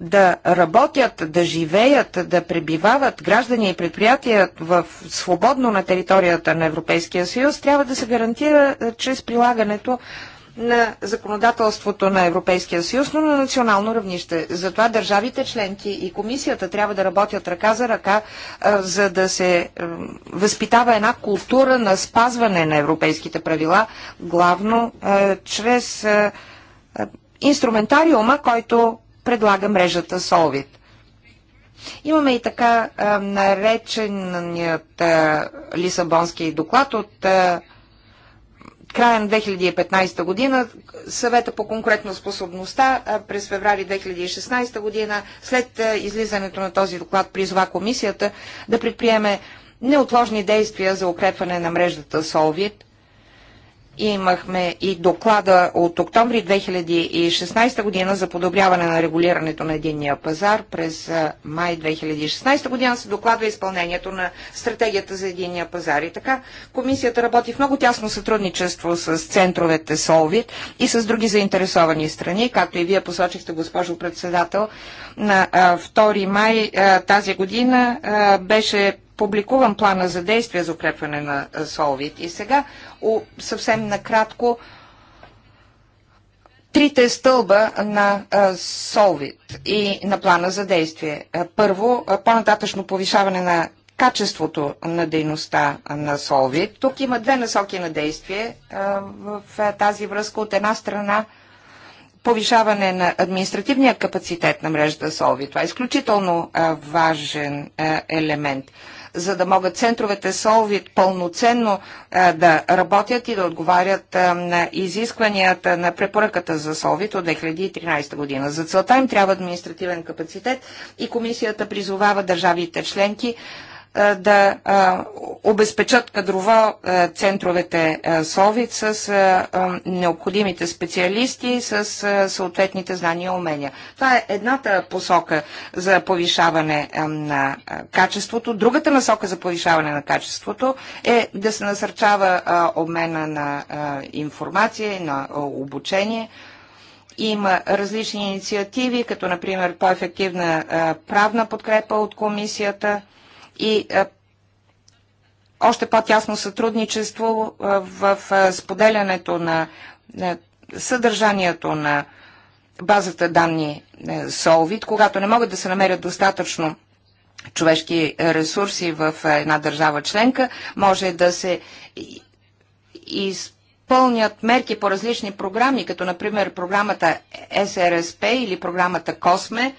да работят, да живеят, да пребивават граждани и предприятия в свободно на територията на Европейския съюз, трябва да се гарантира е, чрез прилагането на законодателството на Европейския съюз, но на национално равнище. Затова държавите членки и комисията трябва да работят ръка за ръка, е, за да се е, възпитава една култура на спазване на европейските правила, главно чрез инструментариума, който предлага мрежата Solvit. Имаме и така а, нареченият а, Лисабонски доклад от а, края на 2015 година, съвета по конкретно способността а, през феврари 2016 година, след а, излизането на този доклад призва комисията да предприеме неотложни действия за укрепване на мрежата Solvit – Имахме и доклада от октомври 2016 година за подобряване на регулирането на единния пазар. През май 2016 година се докладва изпълнението на стратегията за единния пазар. И така комисията работи в много тясно сътрудничество с центровете Солвит и с други заинтересовани страни, както и вие посочихте, госпожо председател. На 2 май тази година беше публикуван плана за действие за укрепване на Солвит. И сега съвсем накратко трите стълба на Солвит и на плана за действие. Първо, по-нататъчно повишаване на качеството на дейността на Солвит. Тук има две насоки на действие в тази връзка. От една страна повишаване на административния капацитет на мрежата Сови. Това е изключително важен елемент за да могат центровете Солвит пълноценно да работят и да отговарят на изискванията на препоръката за Солвит от 2013 година. За целта им трябва административен капацитет и комисията призовава държавите членки да обезпечат кадрово центровете Солвит с необходимите специалисти, с съответните знания и умения. Това е едната посока за повишаване на качеството. Другата насока за повишаване на качеството е да се насърчава обмена на информация и на обучение има различни инициативи, като например по-ефективна правна подкрепа от комисията и още по-тясно сътрудничество в споделянето на съдържанието на базата данни е, Solvit, когато не могат да се намерят достатъчно човешки ресурси в една държава членка, може да се използват Пълнят мерки по различни програми, като например програмата СРСП или програмата КОСМЕ,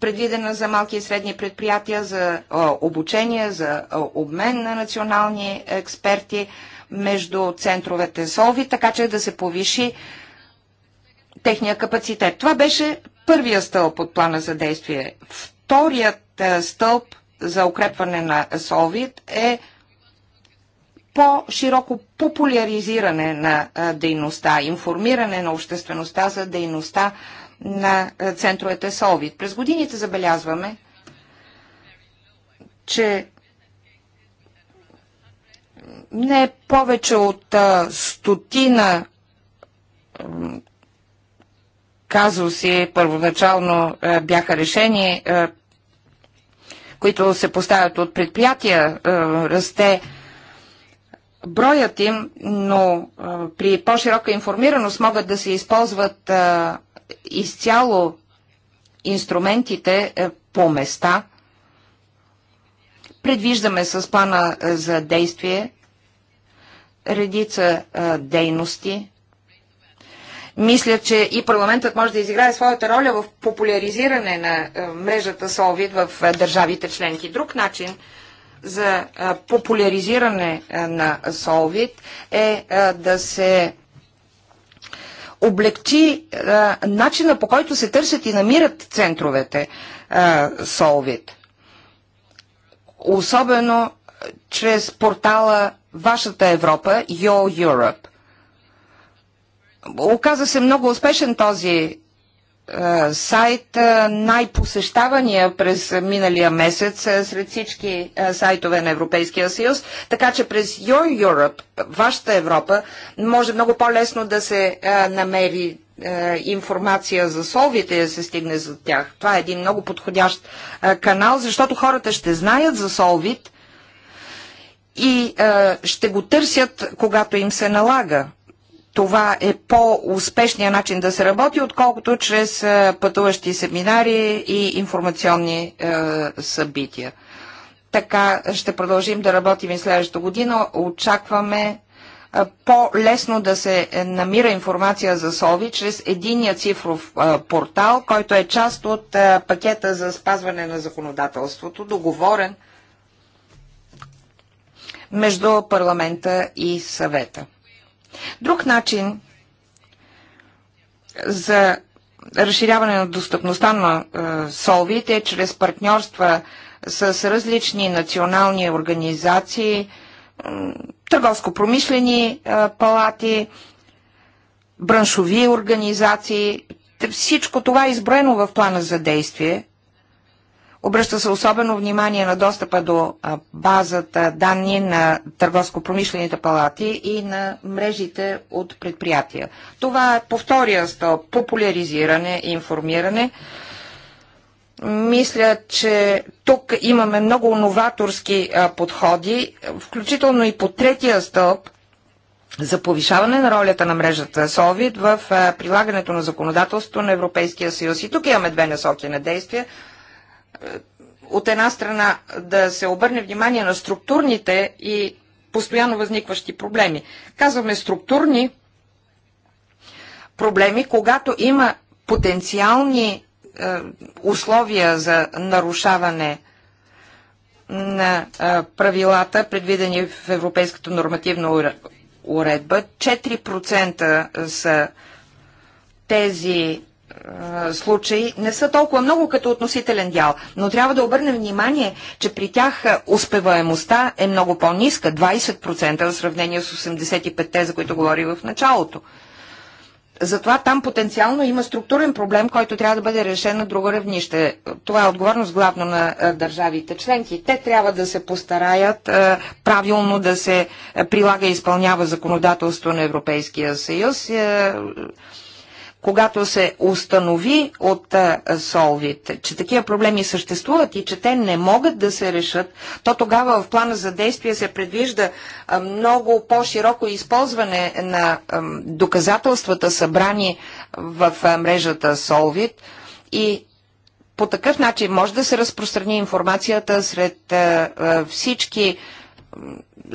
предвидена за малки и средни предприятия, за обучение, за обмен на национални експерти между центровете СОВИ, така че да се повиши техния капацитет. Това беше първия стълб от плана за действие. Вторият стълб за укрепване на СОВИД е по-широко популяризиране на дейността, информиране на обществеността за дейността на центровете СОВИД. През годините забелязваме, че не повече от а, стотина казуси първоначално а, бяха решени, а, които се поставят от предприятия, расте броят им, но а, при по-широка информираност могат да се използват а, изцяло инструментите а, е, по места. Предвиждаме с плана е, за действие редица а, е, дейности. Мисля, че и парламентът може да изиграе своята роля в популяризиране на а, мрежата СОВИД в а, държавите членки. Друг начин – за популяризиране на Солвит е да се облегчи начина по който се търсят и намират центровете Солвит. Особено чрез портала Вашата Европа, Your Europe. Оказа се много успешен този е, сайт е, най-посещавания през миналия месец е, сред всички сайтове на Европейския съюз, така че през Your Europe, вашата Европа, може много по-лесно да се намери информация за солвите и да се стигне за тях. Това е един много подходящ канал, защото хората ще знаят за солвит и ще го търсят, когато им се налага това е по-успешния начин да се работи, отколкото чрез е, пътуващи семинари и информационни е, събития. Така ще продължим да работим и следващата година. Очакваме е, по-лесно да се намира информация за СОВИ чрез единия цифров портал, който е част от пакета за спазване на законодателството, договорен между парламента и съвета. Друг начин за разширяване на достъпността на е, солвите е чрез партньорства с различни национални организации, търговско-промишлени е, палати, браншови организации. Всичко това е изброено в плана за действие Обръща се особено внимание на достъпа до базата данни на търговско-промишлените палати и на мрежите от предприятия. Това е повтория стълб – популяризиране и информиране. Мисля, че тук имаме много новаторски подходи, включително и по третия стълб за повишаване на ролята на мрежата СОВИД в прилагането на законодателството на Европейския съюз. И тук имаме две насоки на действия – от една страна да се обърне внимание на структурните и постоянно възникващи проблеми. Казваме структурни проблеми, когато има потенциални е, условия за нарушаване на е, правилата, предвидени в Европейската нормативна уредба. 4% са тези случаи не са толкова много като относителен дял, но трябва да обърнем внимание, че при тях успеваемостта е много по-ниска, 20% в сравнение с 85-те, за които говори в началото. Затова там потенциално има структурен проблем, който трябва да бъде решен на друго равнище. Това е отговорност главно на държавите членки. Те трябва да се постараят правилно да се прилага и изпълнява законодателство на Европейския съюз когато се установи от Солвит, че такива проблеми съществуват и че те не могат да се решат, то тогава в плана за действие се предвижда много по-широко използване на доказателствата събрани в мрежата Солвит и по такъв начин може да се разпространи информацията сред всички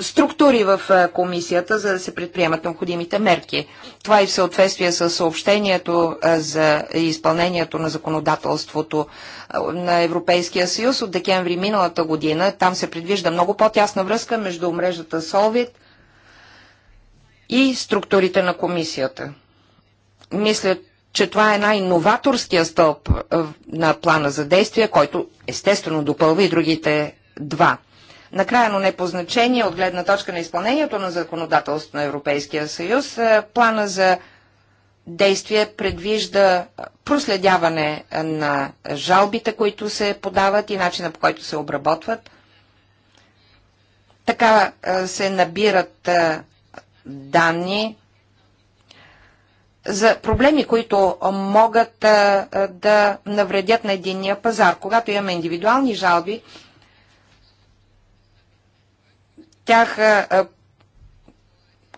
структури в комисията, за да се предприемат необходимите мерки. Това и е в съответствие с съобщението за изпълнението на законодателството на Европейския съюз от декември миналата година. Там се предвижда много по-тясна връзка между мрежата Solvit и структурите на комисията. Мисля, че това е най-новаторския стълб на плана за действие, който естествено допълва и другите два. Накрая, но не по значение от гледна точка на изпълнението на законодателството на Европейския съюз, е, плана за действие предвижда проследяване на жалбите, които се подават и начина по който се обработват. Така е, се набират е, данни за проблеми, които могат да навредят на единния пазар. Когато имаме индивидуални жалби, тях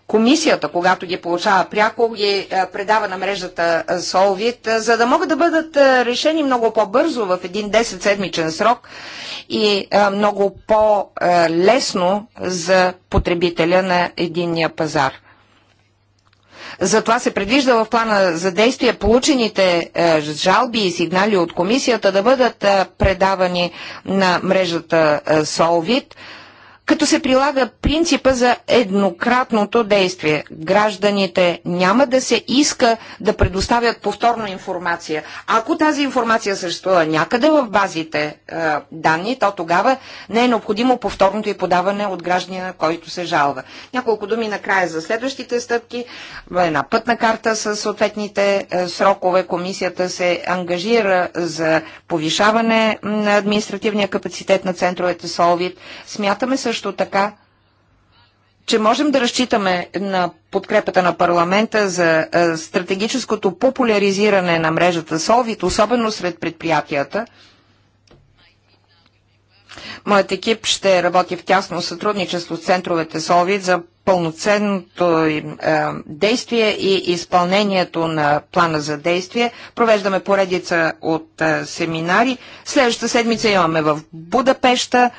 комисията, когато ги получава пряко, ги предава на мрежата Солвит, за да могат да бъдат решени много по-бързо в един 10-седмичен срок и много по-лесно за потребителя на единния пазар. Затова се предвижда в плана за действие получените жалби и сигнали от комисията да бъдат предавани на мрежата Solvit – като се прилага принципа за еднократното действие. Гражданите няма да се иска да предоставят повторно информация. Ако тази информация съществува някъде в базите е, данни, то тогава не е необходимо повторното и подаване от гражданина, който се жалва. Няколко думи накрая за следващите стъпки. Една пътна карта с съответните е, срокове. Комисията се ангажира за повишаване на административния капацитет на центровете Солвит. Смятаме също също така, че можем да разчитаме на подкрепата на парламента за е, стратегическото популяризиране на мрежата СОВИТ, особено сред предприятията. Моят екип ще работи в тясно сътрудничество с центровете Солвит за пълноценното е, действие и изпълнението на плана за действие. Провеждаме поредица от е, семинари. Следващата седмица имаме в Будапешта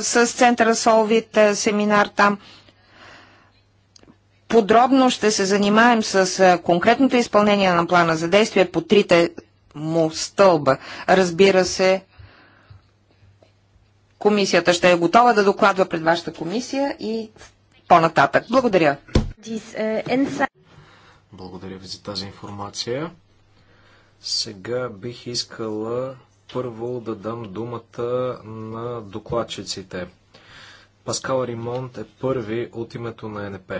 с центъра Солвит е, семинар там. Подробно ще се занимаем с е, конкретното изпълнение на плана за действие по трите му стълба. Разбира се, комисията ще е готова да докладва пред вашата комисия и по-нататък. Благодаря. Благодаря ви за тази информация. Сега бих искала първо да дам думата на докладчиците. Паскал Римонт е първи от името на НП.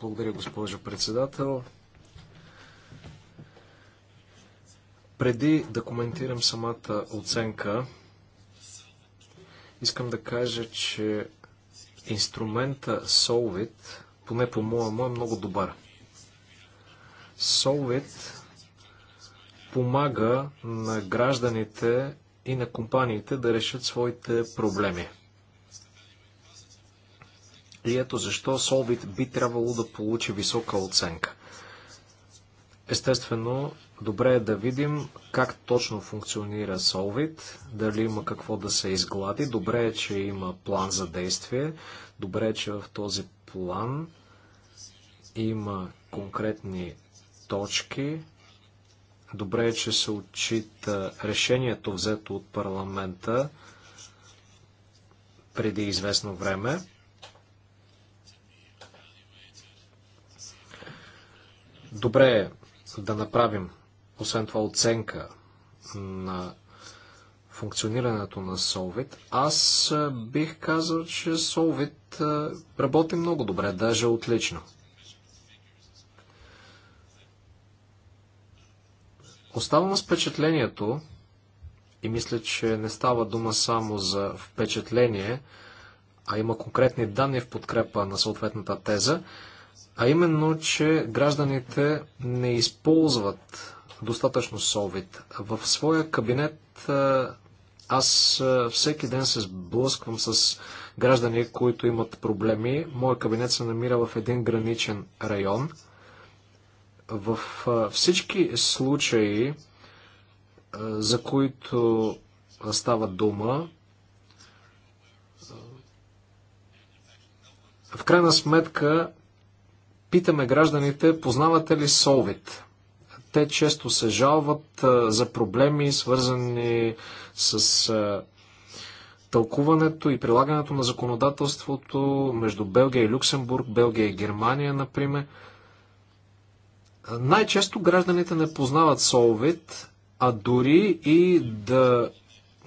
Благодаря, госпожо председател. Преди да коментирам самата оценка, искам да кажа, че инструмента Solvit, поне по моему, е много добър. Solvit помага на гражданите и на компаниите да решат своите проблеми. И ето защо Solvit би трябвало да получи висока оценка. Естествено, добре е да видим как точно функционира Solvit, дали има какво да се изглади. Добре е, че има план за действие. Добре е, че в този план има конкретни точки, Добре е, че се отчита решението взето от парламента преди известно време. Добре е да направим, освен това, оценка на функционирането на Solvit. Аз бих казал, че Solvit работи много добре, даже отлично. Оставам с впечатлението, и мисля, че не става дума само за впечатление, а има конкретни данни в подкрепа на съответната теза, а именно, че гражданите не използват достатъчно совет. В своя кабинет аз всеки ден се сблъсквам с граждани, които имат проблеми. Моя кабинет се намира в един граничен район – в всички случаи, за които става дума, в крайна сметка питаме гражданите, познавате ли Солвит? Те често се жалват за проблеми, свързани с тълкуването и прилагането на законодателството между Белгия и Люксембург, Белгия и Германия, например. Най-често гражданите не познават соловит, а дори и да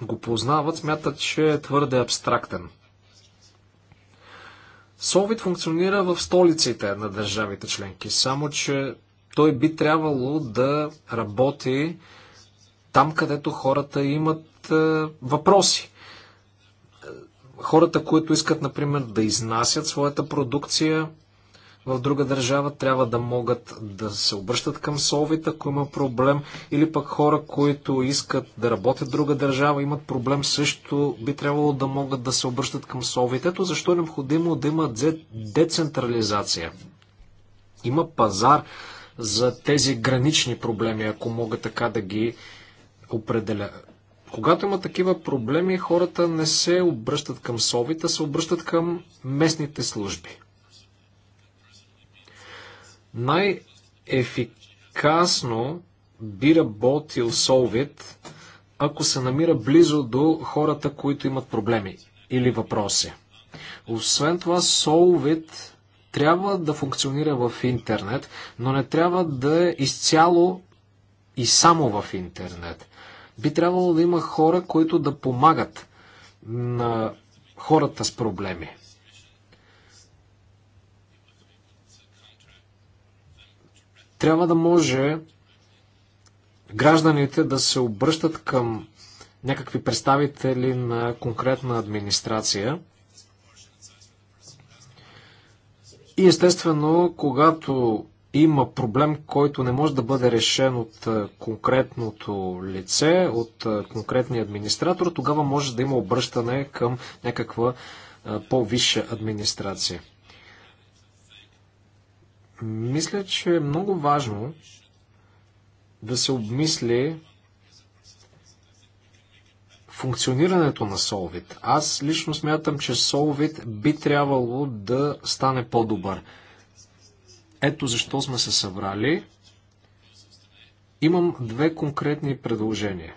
го познават, смятат, че е твърде абстрактен. Соловит функционира в столиците на държавите членки, само че той би трябвало да работи там, където хората имат е, въпроси. Хората, които искат, например, да изнасят своята продукция, в друга държава, трябва да могат да се обръщат към солвите, ако има проблем, или пък хора, които искат да работят в друга държава, имат проблем също, би трябвало да могат да се обръщат към солвите. Ето защо е необходимо да има децентрализация. Има пазар за тези гранични проблеми, ако мога така да ги определя. Когато има такива проблеми, хората не се обръщат към совите, се обръщат към местните служби. Най-ефикасно би работил Солвит, ако се намира близо до хората, които имат проблеми или въпроси. Освен това, Solvit трябва да функционира в интернет, но не трябва да е изцяло и само в интернет. Би трябвало да има хора, които да помагат на хората с проблеми. Трябва да може гражданите да се обръщат към някакви представители на конкретна администрация. И естествено, когато има проблем, който не може да бъде решен от конкретното лице, от конкретния администратор, тогава може да има обръщане към някаква по-висша администрация. Мисля, че е много важно да се обмисли функционирането на Solvit. Аз лично смятам, че Solvit би трябвало да стане по-добър. Ето защо сме се събрали. Имам две конкретни предложения.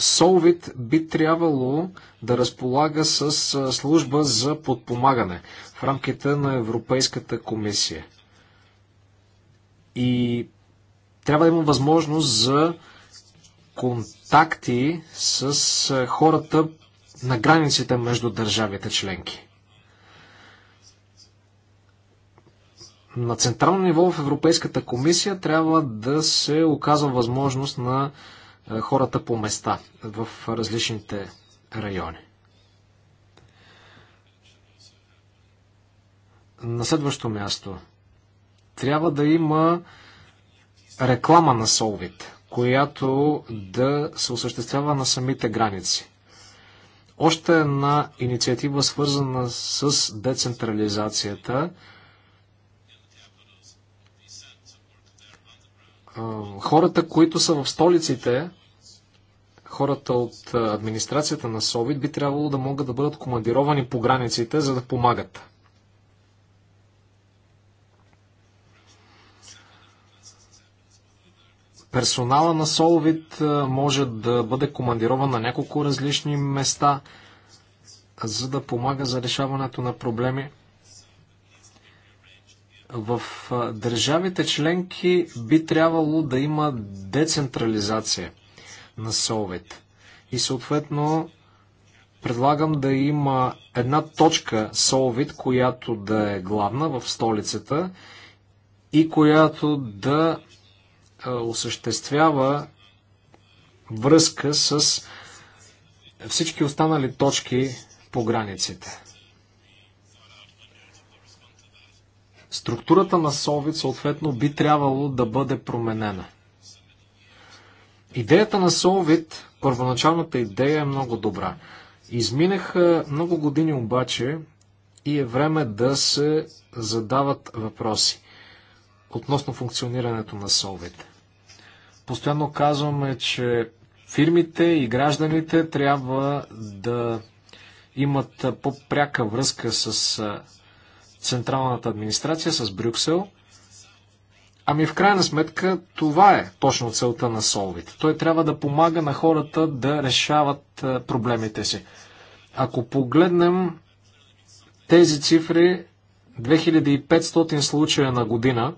Solvit би трябвало да разполага с служба за подпомагане в рамките на Европейската комисия. И трябва да има възможност за контакти с хората на границите между държавите членки. На централно ниво в Европейската комисия трябва да се оказва възможност на хората по места в различните райони. На следващо място трябва да има реклама на солвите, която да се осъществява на самите граници. Още една инициатива, свързана с децентрализацията, хората, които са в столиците, хората от администрацията на СОВИД би трябвало да могат да бъдат командировани по границите, за да помагат. Персонала на Соловит може да бъде командирован на няколко различни места, за да помага за решаването на проблеми. В държавите членки би трябвало да има децентрализация – на Солвет. И съответно предлагам да има една точка Солвит, която да е главна в столицата и която да е, осъществява връзка с всички останали точки по границите. Структурата на Солвит съответно би трябвало да бъде променена – Идеята на Solvit, първоначалната идея е много добра. Изминаха много години обаче и е време да се задават въпроси относно функционирането на Solvit. Постоянно казваме, че фирмите и гражданите трябва да имат по-пряка връзка с централната администрация, с Брюксел – Ами в крайна сметка това е точно целта на Солвит. Той трябва да помага на хората да решават е, проблемите си. Ако погледнем тези цифри, 2500 случая на година, е,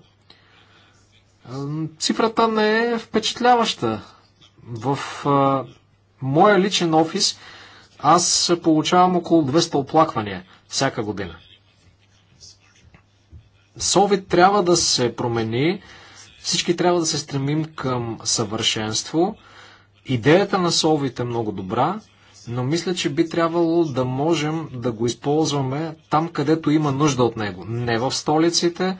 цифрата не е впечатляваща. В е, моя личен офис аз получавам около 200 оплаквания всяка година. Совет трябва да се промени, всички трябва да се стремим към съвършенство. Идеята на Совет е много добра, но мисля, че би трябвало да можем да го използваме там, където има нужда от него. Не в столиците,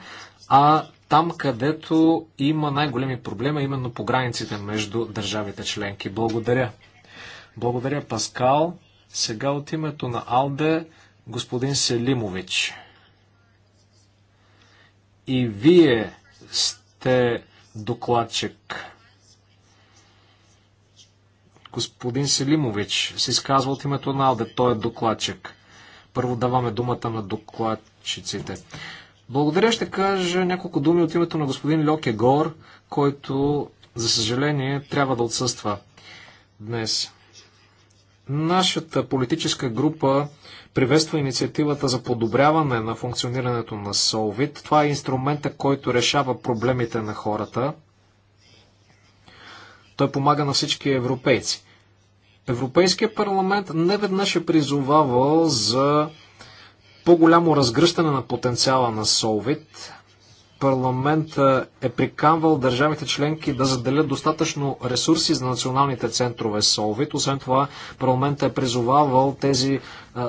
а там, където има най-големи проблеми, именно по границите между държавите членки. Благодаря. Благодаря, Паскал. Сега от името на Алде, господин Селимович и вие сте докладчик. Господин Селимович се изказва от името на Алде. Той е докладчик. Първо даваме думата на докладчиците. Благодаря, ще кажа няколко думи от името на господин Льоке Гор, който, за съжаление, трябва да отсъства днес. Нашата политическа група приветства инициативата за подобряване на функционирането на Solvit. Това е инструмента, който решава проблемите на хората. Той помага на всички европейци. Европейският парламент не веднъж е призовавал за по-голямо разгръщане на потенциала на Solvit парламент е приканвал държавите членки да заделят достатъчно ресурси за националните центрове Солвит. Освен това, парламент е призовавал тези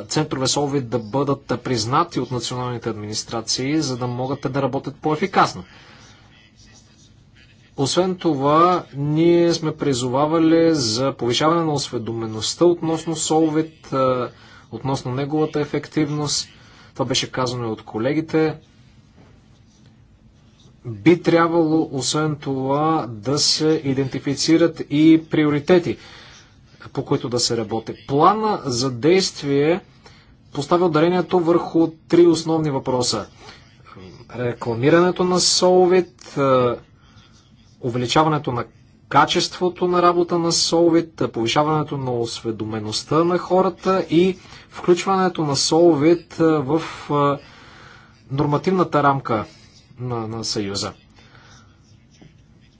центрове Солвит да бъдат признати от националните администрации, за да могат да работят по-ефикасно. Освен това, ние сме призовавали за повишаване на осведомеността относно Солвит, относно неговата ефективност. Това беше казано и от колегите. Би трябвало, освен това, да се идентифицират и приоритети, по които да се работи. Плана за действие поставя ударението върху три основни въпроса. Рекламирането на Солвит, е, увеличаването на качеството на работа на Солвит, е, повишаването на осведомеността на хората и включването на Солвит е, в нормативната рамка на, на Съюза.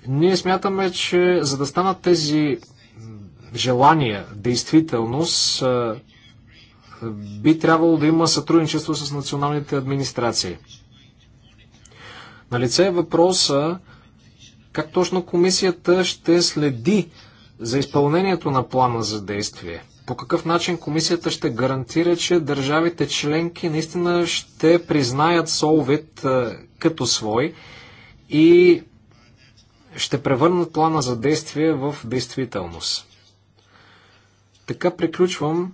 Ние смятаме, че за да станат тези желания действителност, би трябвало да има сътрудничество с националните администрации. лице е въпроса как точно комисията ще следи за изпълнението на плана за действие – по какъв начин комисията ще гарантира, че държавите членки наистина ще признаят Солвит е, като свой и ще превърнат плана за действие в действителност? Така приключвам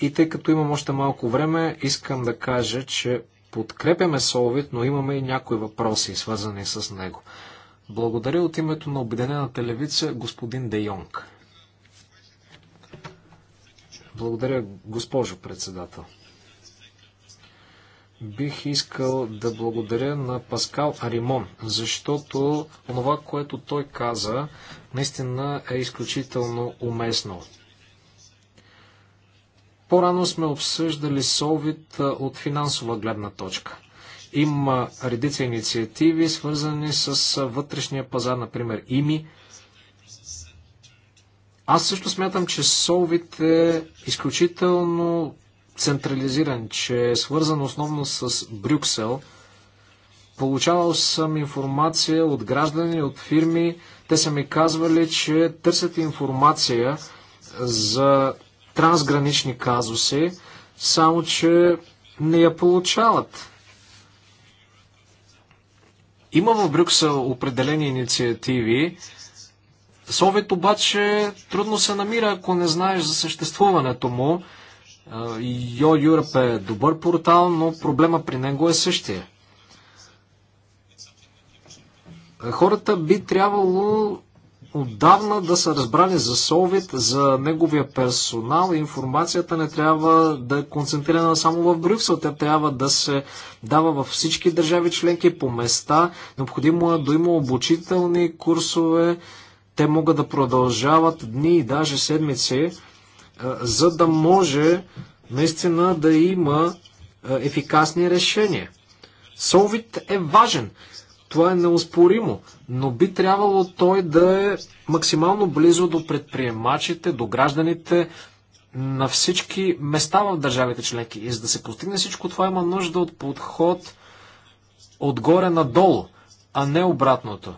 и тъй като имам още малко време, искам да кажа, че подкрепяме Солвит, но имаме и някои въпроси, свързани с него. Благодаря от името на Обединената телевиция, господин Де Йонг. Благодаря, госпожо председател. Бих искал да благодаря на Паскал Аримон, защото това, което той каза, наистина е изключително уместно. По-рано сме обсъждали Солвит от финансова гледна точка. Има редица инициативи, свързани с вътрешния пазар, например ИМИ – аз също смятам, че Солвит е изключително централизиран, че е свързан основно с Брюксел. Получавал съм информация от граждани, от фирми. Те са ми казвали, че търсят информация за трансгранични казуси, само че не я получават. Има в Брюксел определени инициативи, Совет обаче трудно се намира, ако не знаеш за съществуването му. Йо Юрап е добър портал, но проблема при него е същия. Хората би трябвало отдавна да са разбрани за Совет, за неговия персонал. Информацията не трябва да е концентрирана само в Брюксел. Тя трябва да се дава във всички държави членки по места. Необходимо е да има обучителни курсове те могат да продължават дни и даже седмици, за да може наистина да има ефикасни решения. Солвит е важен. Това е неоспоримо, но би трябвало той да е максимално близо до предприемачите, до гражданите, на всички места в държавите членки. И за да се постигне всичко това, има нужда от подход отгоре надолу, а не обратното.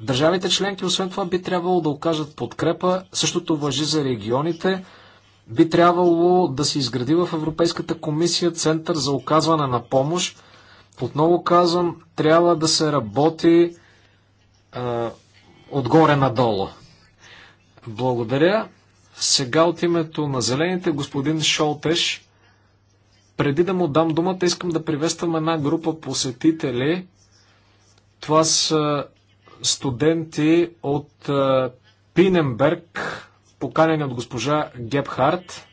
Държавите членки, освен това, би трябвало да окажат подкрепа. Същото въжи за регионите. Би трябвало да се изгради в Европейската комисия център за оказване на помощ. Отново казвам, трябва да се работи е, отгоре надолу. Благодаря. Сега от името на зелените, господин Шолтеш, преди да му дам думата, искам да приветствам една група посетители. Това са студенти от Пиненберг, поканени от госпожа Гебхарт.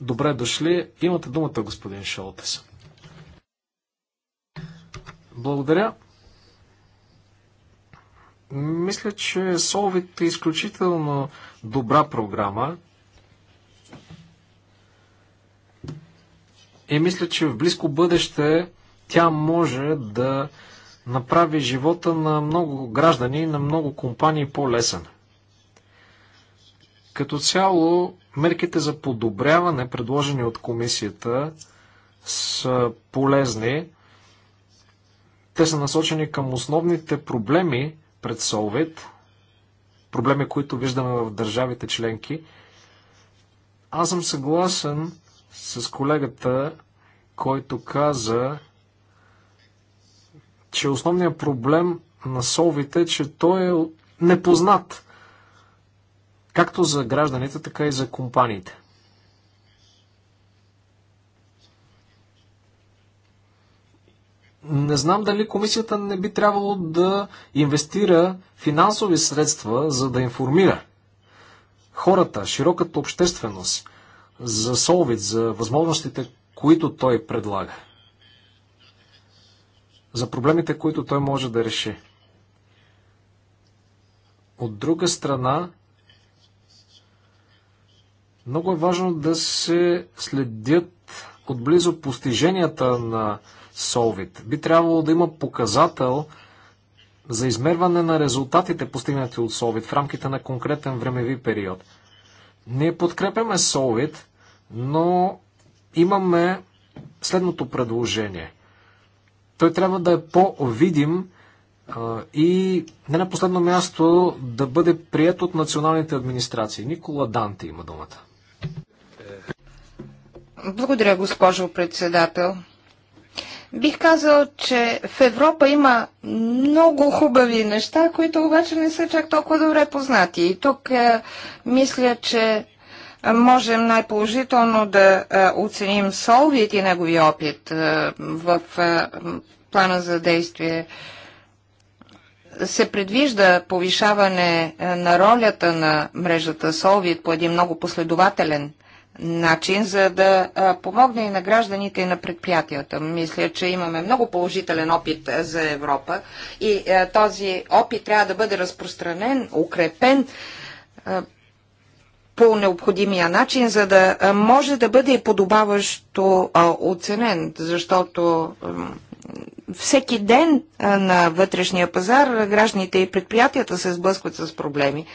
Добре дошли. Имате думата, господин Шолтес. Благодаря. Мисля, че Солвит е изключително добра програма. И мисля, че в близко бъдеще тя може да направи живота на много граждани и на много компании по-лесен. Като цяло, мерките за подобряване, предложени от комисията, са полезни. Те са насочени към основните проблеми пред Солвет, проблеми, които виждаме в държавите членки. Аз съм съгласен с колегата, който каза, че основният проблем на солвите е, че той е непознат. Както за гражданите, така и за компаниите. Не знам дали комисията не би трябвало да инвестира финансови средства, за да информира хората, широката общественост за Солвит, за възможностите, които той предлага за проблемите, които той може да реши. От друга страна, много е важно да се следят отблизо постиженията на Солвит. Би трябвало да има показател за измерване на резултатите, постигнати от Солвит в рамките на конкретен времеви период. Ние подкрепяме Солвит, но имаме следното предложение. Той трябва да е по-видим и не на последно място да бъде прият от националните администрации. Никола Данте има думата. Благодаря, госпожо председател. Бих казал, че в Европа има много хубави неща, които обаче не са чак толкова добре познати. И тук е, мисля, че можем най-положително да оценим Солвият и неговия опит в плана за действие. Се предвижда повишаване на ролята на мрежата Солвият по един много последователен начин, за да помогне и на гражданите и на предприятията. Мисля, че имаме много положителен опит за Европа и този опит трябва да бъде разпространен, укрепен по необходимия начин, за да може да бъде подобаващо оценен, защото всеки ден на вътрешния пазар гражданите и предприятията се сблъскват с проблеми.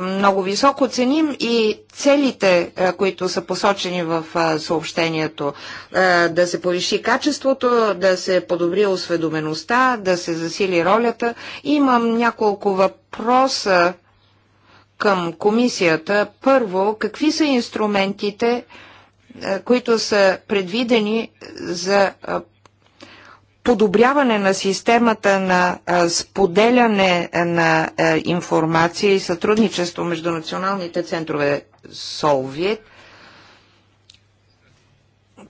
Много високо ценим и целите, които са посочени в съобщението. Да се повиши качеството, да се подобри осведомеността, да се засили ролята. Имам няколко въпроса към комисията. Първо, какви са инструментите, е, които са предвидени за е, подобряване на системата на е, споделяне на информация и сътрудничество между националните центрове Солвит,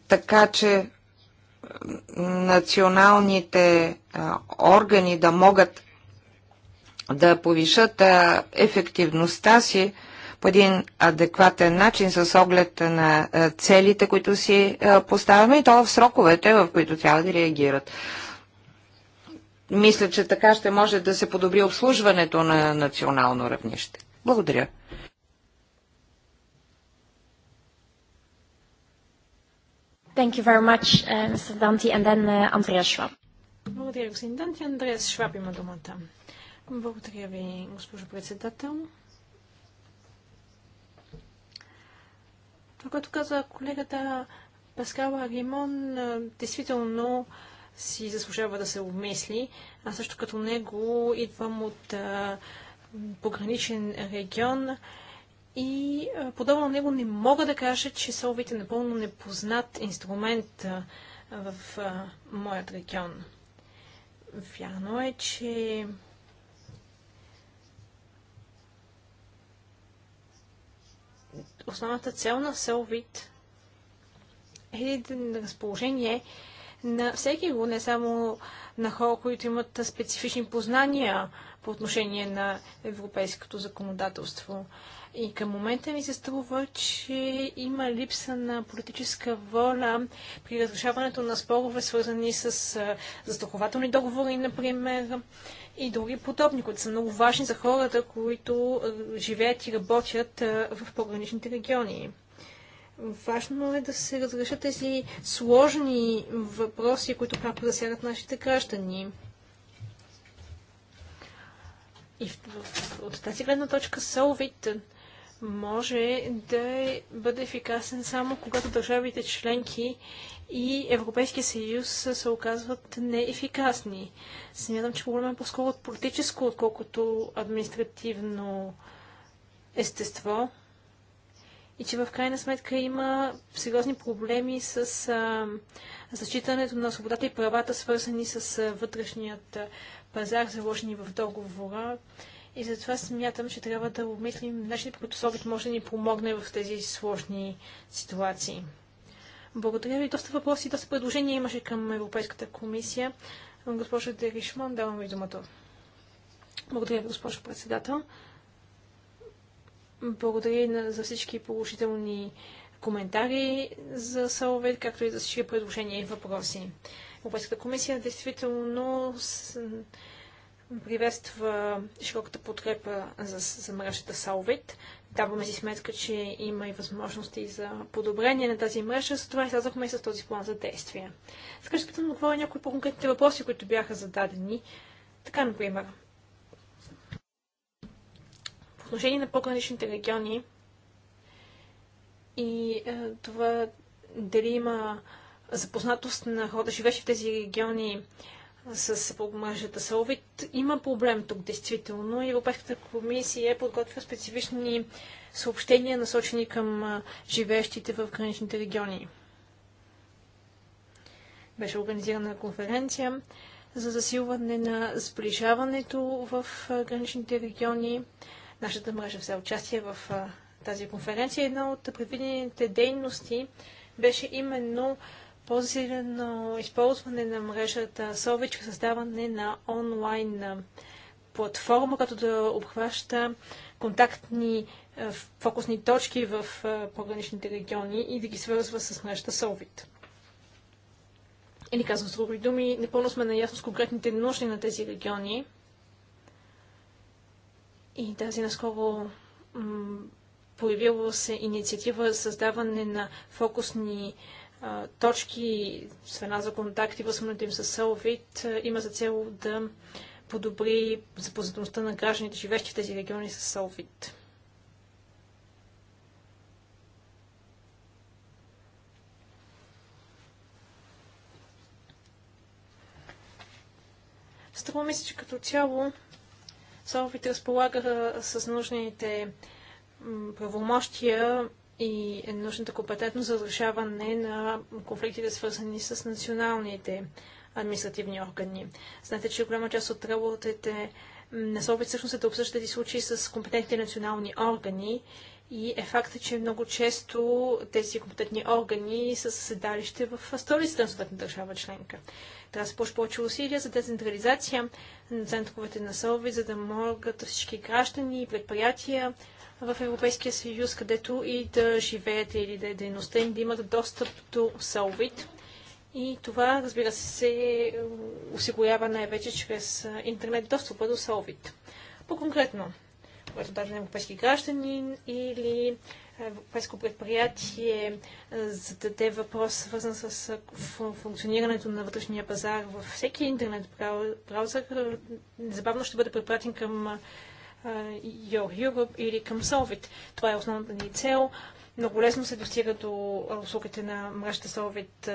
така че националните органи да могат да повишат ефективността си по един адекватен начин с оглед на целите, които си поставяме и то в сроковете, в които трябва да реагират. Мисля, че така ще може да се подобри обслужването на национално равнище. Благодаря. Thank you very much, uh, Mr. Danti, and then uh, Andreas Schwab. Благодаря, господин Данти. Андреас Шваб има думата. Благодаря ви, госпожо председател. Това, което каза колегата Паскала Римон, действително си заслужава да се обмисли. Аз също като него идвам от а, пограничен регион и а, подобно на него не мога да кажа, че са е напълно непознат инструмент а, в моят регион. Вярно е, че основната цел на Селвит е на разположение на всеки го, не само на хора, които имат специфични познания по отношение на европейското законодателство. И към момента ми се струва, че има липса на политическа воля при разрешаването на спорове, свързани с застрахователни договори, например, и други подобни, които са много важни за хората, които е, живеят и работят е, в пограничните региони. Важно е да се разрешат тези сложни въпроси, които пряко засягат нашите граждани. И от тази гледна точка Солвит може да бъде ефикасен само когато държавите членки и Европейския съюз се оказват неефикасни. Смятам, че проблемът е по-скоро от политическо, отколкото административно естество. И че в крайна сметка има сериозни проблеми с а, зачитането на свободата и правата, свързани с а, вътрешният пазар, заложени в договора и затова смятам, че трябва да обмислим начин, по който Совет може да ни помогне в тези сложни ситуации. Благодаря ви. Доста въпроси, доста предложения имаше към Европейската комисия. Госпожа Деришман, давам ви думата. Благодаря ви, госпожо председател. Благодаря и за всички положителни коментари за Саловет, както и за всички предложения и въпроси. Европейската комисия действително приветства широката подкрепа за, за мрежата Салвит. Даваме си сметка, че има и възможности за подобрение на тази мрежа, за това излязохме и с този план за действие. Сега ще питам отговоря някои по-конкретните въпроси, които бяха зададени. Така, например, по отношение на по-граничните региони и е, това дали има запознатост на хората, живеещи в тези региони, с мрежата Солвит. Има проблем тук, действително. Европейската комисия е подготвя специфични съобщения, насочени към живеещите в граничните региони. Беше организирана конференция за засилване на сближаването в граничните региони. Нашата мрежа взе участие в тази конференция. Една от предвидените дейности беше именно по-силено използване на мрежата СОВИЧ, създаване на онлайн платформа, като да обхваща контактни фокусни точки в пограничните региони и да ги свързва с мрежата Solvit. Или казвам с други думи, непълно сме наясно с конкретните нужди на тези региони. И тази наскоро появила се инициатива за създаване на фокусни а, точки, свена за контакти, възможността им с Селвит, има за цел да подобри запознатостта на гражданите, живещи в тези региони с Селвит. Струва ми се, че като цяло Солвит разполага с нужните правомощия и нужната компетентност за разрешаване на конфликтите, свързани с националните административни органи. Знаете, че голяма част от работите на СОБИ всъщност е да обсъжда тези случаи с компетентните национални органи и е факта, че много често тези компетентни органи са съседалище седалище в столицата на съответната държава членка. Трябва да се почва повече усилия за децентрализация на центровете на СОВИ, за да могат всички граждани и предприятия в Европейския съюз, където и да живеят или да е дейността им, да имат достъп до Solvit. И това, разбира се, се осигурява най-вече чрез интернет достъпа до Solvit. По-конкретно, което на европейски гражданин или европейско предприятие зададе въпрос, свързан с функционирането на вътрешния пазар във всеки интернет браузър, незабавно ще бъде препратен към е, your или към Совет. Това е основната ни цел. Много лесно се достига до услугите на мрежата Совет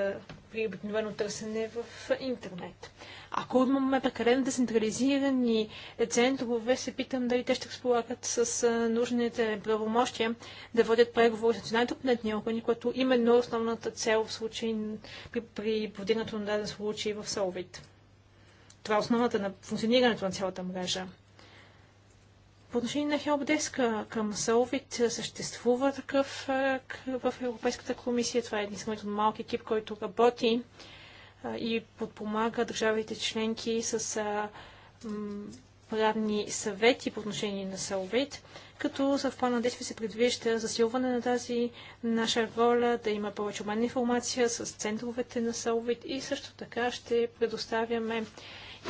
при обикновено търсене в интернет. Ако имаме прекалено децентрализирани центрове, се питам дали те ще разполагат с е, нужните правомощия да водят преговори с националните компетентни органи, което именно е основната цел в случай при, при повдигнато на даден случай в Солвит. Това е основата на функционирането на цялата мрежа. По отношение на Хелпдеска към Солвит съществува такъв в Европейската комисия. Това е един сравнително малки екип, който работи и подпомага държавите членки с правни съвети по отношение на Солвит, като в плана действие се предвижда засилване на тази наша роля, да има повече обмен информация с центровете на Солвит и също така ще предоставяме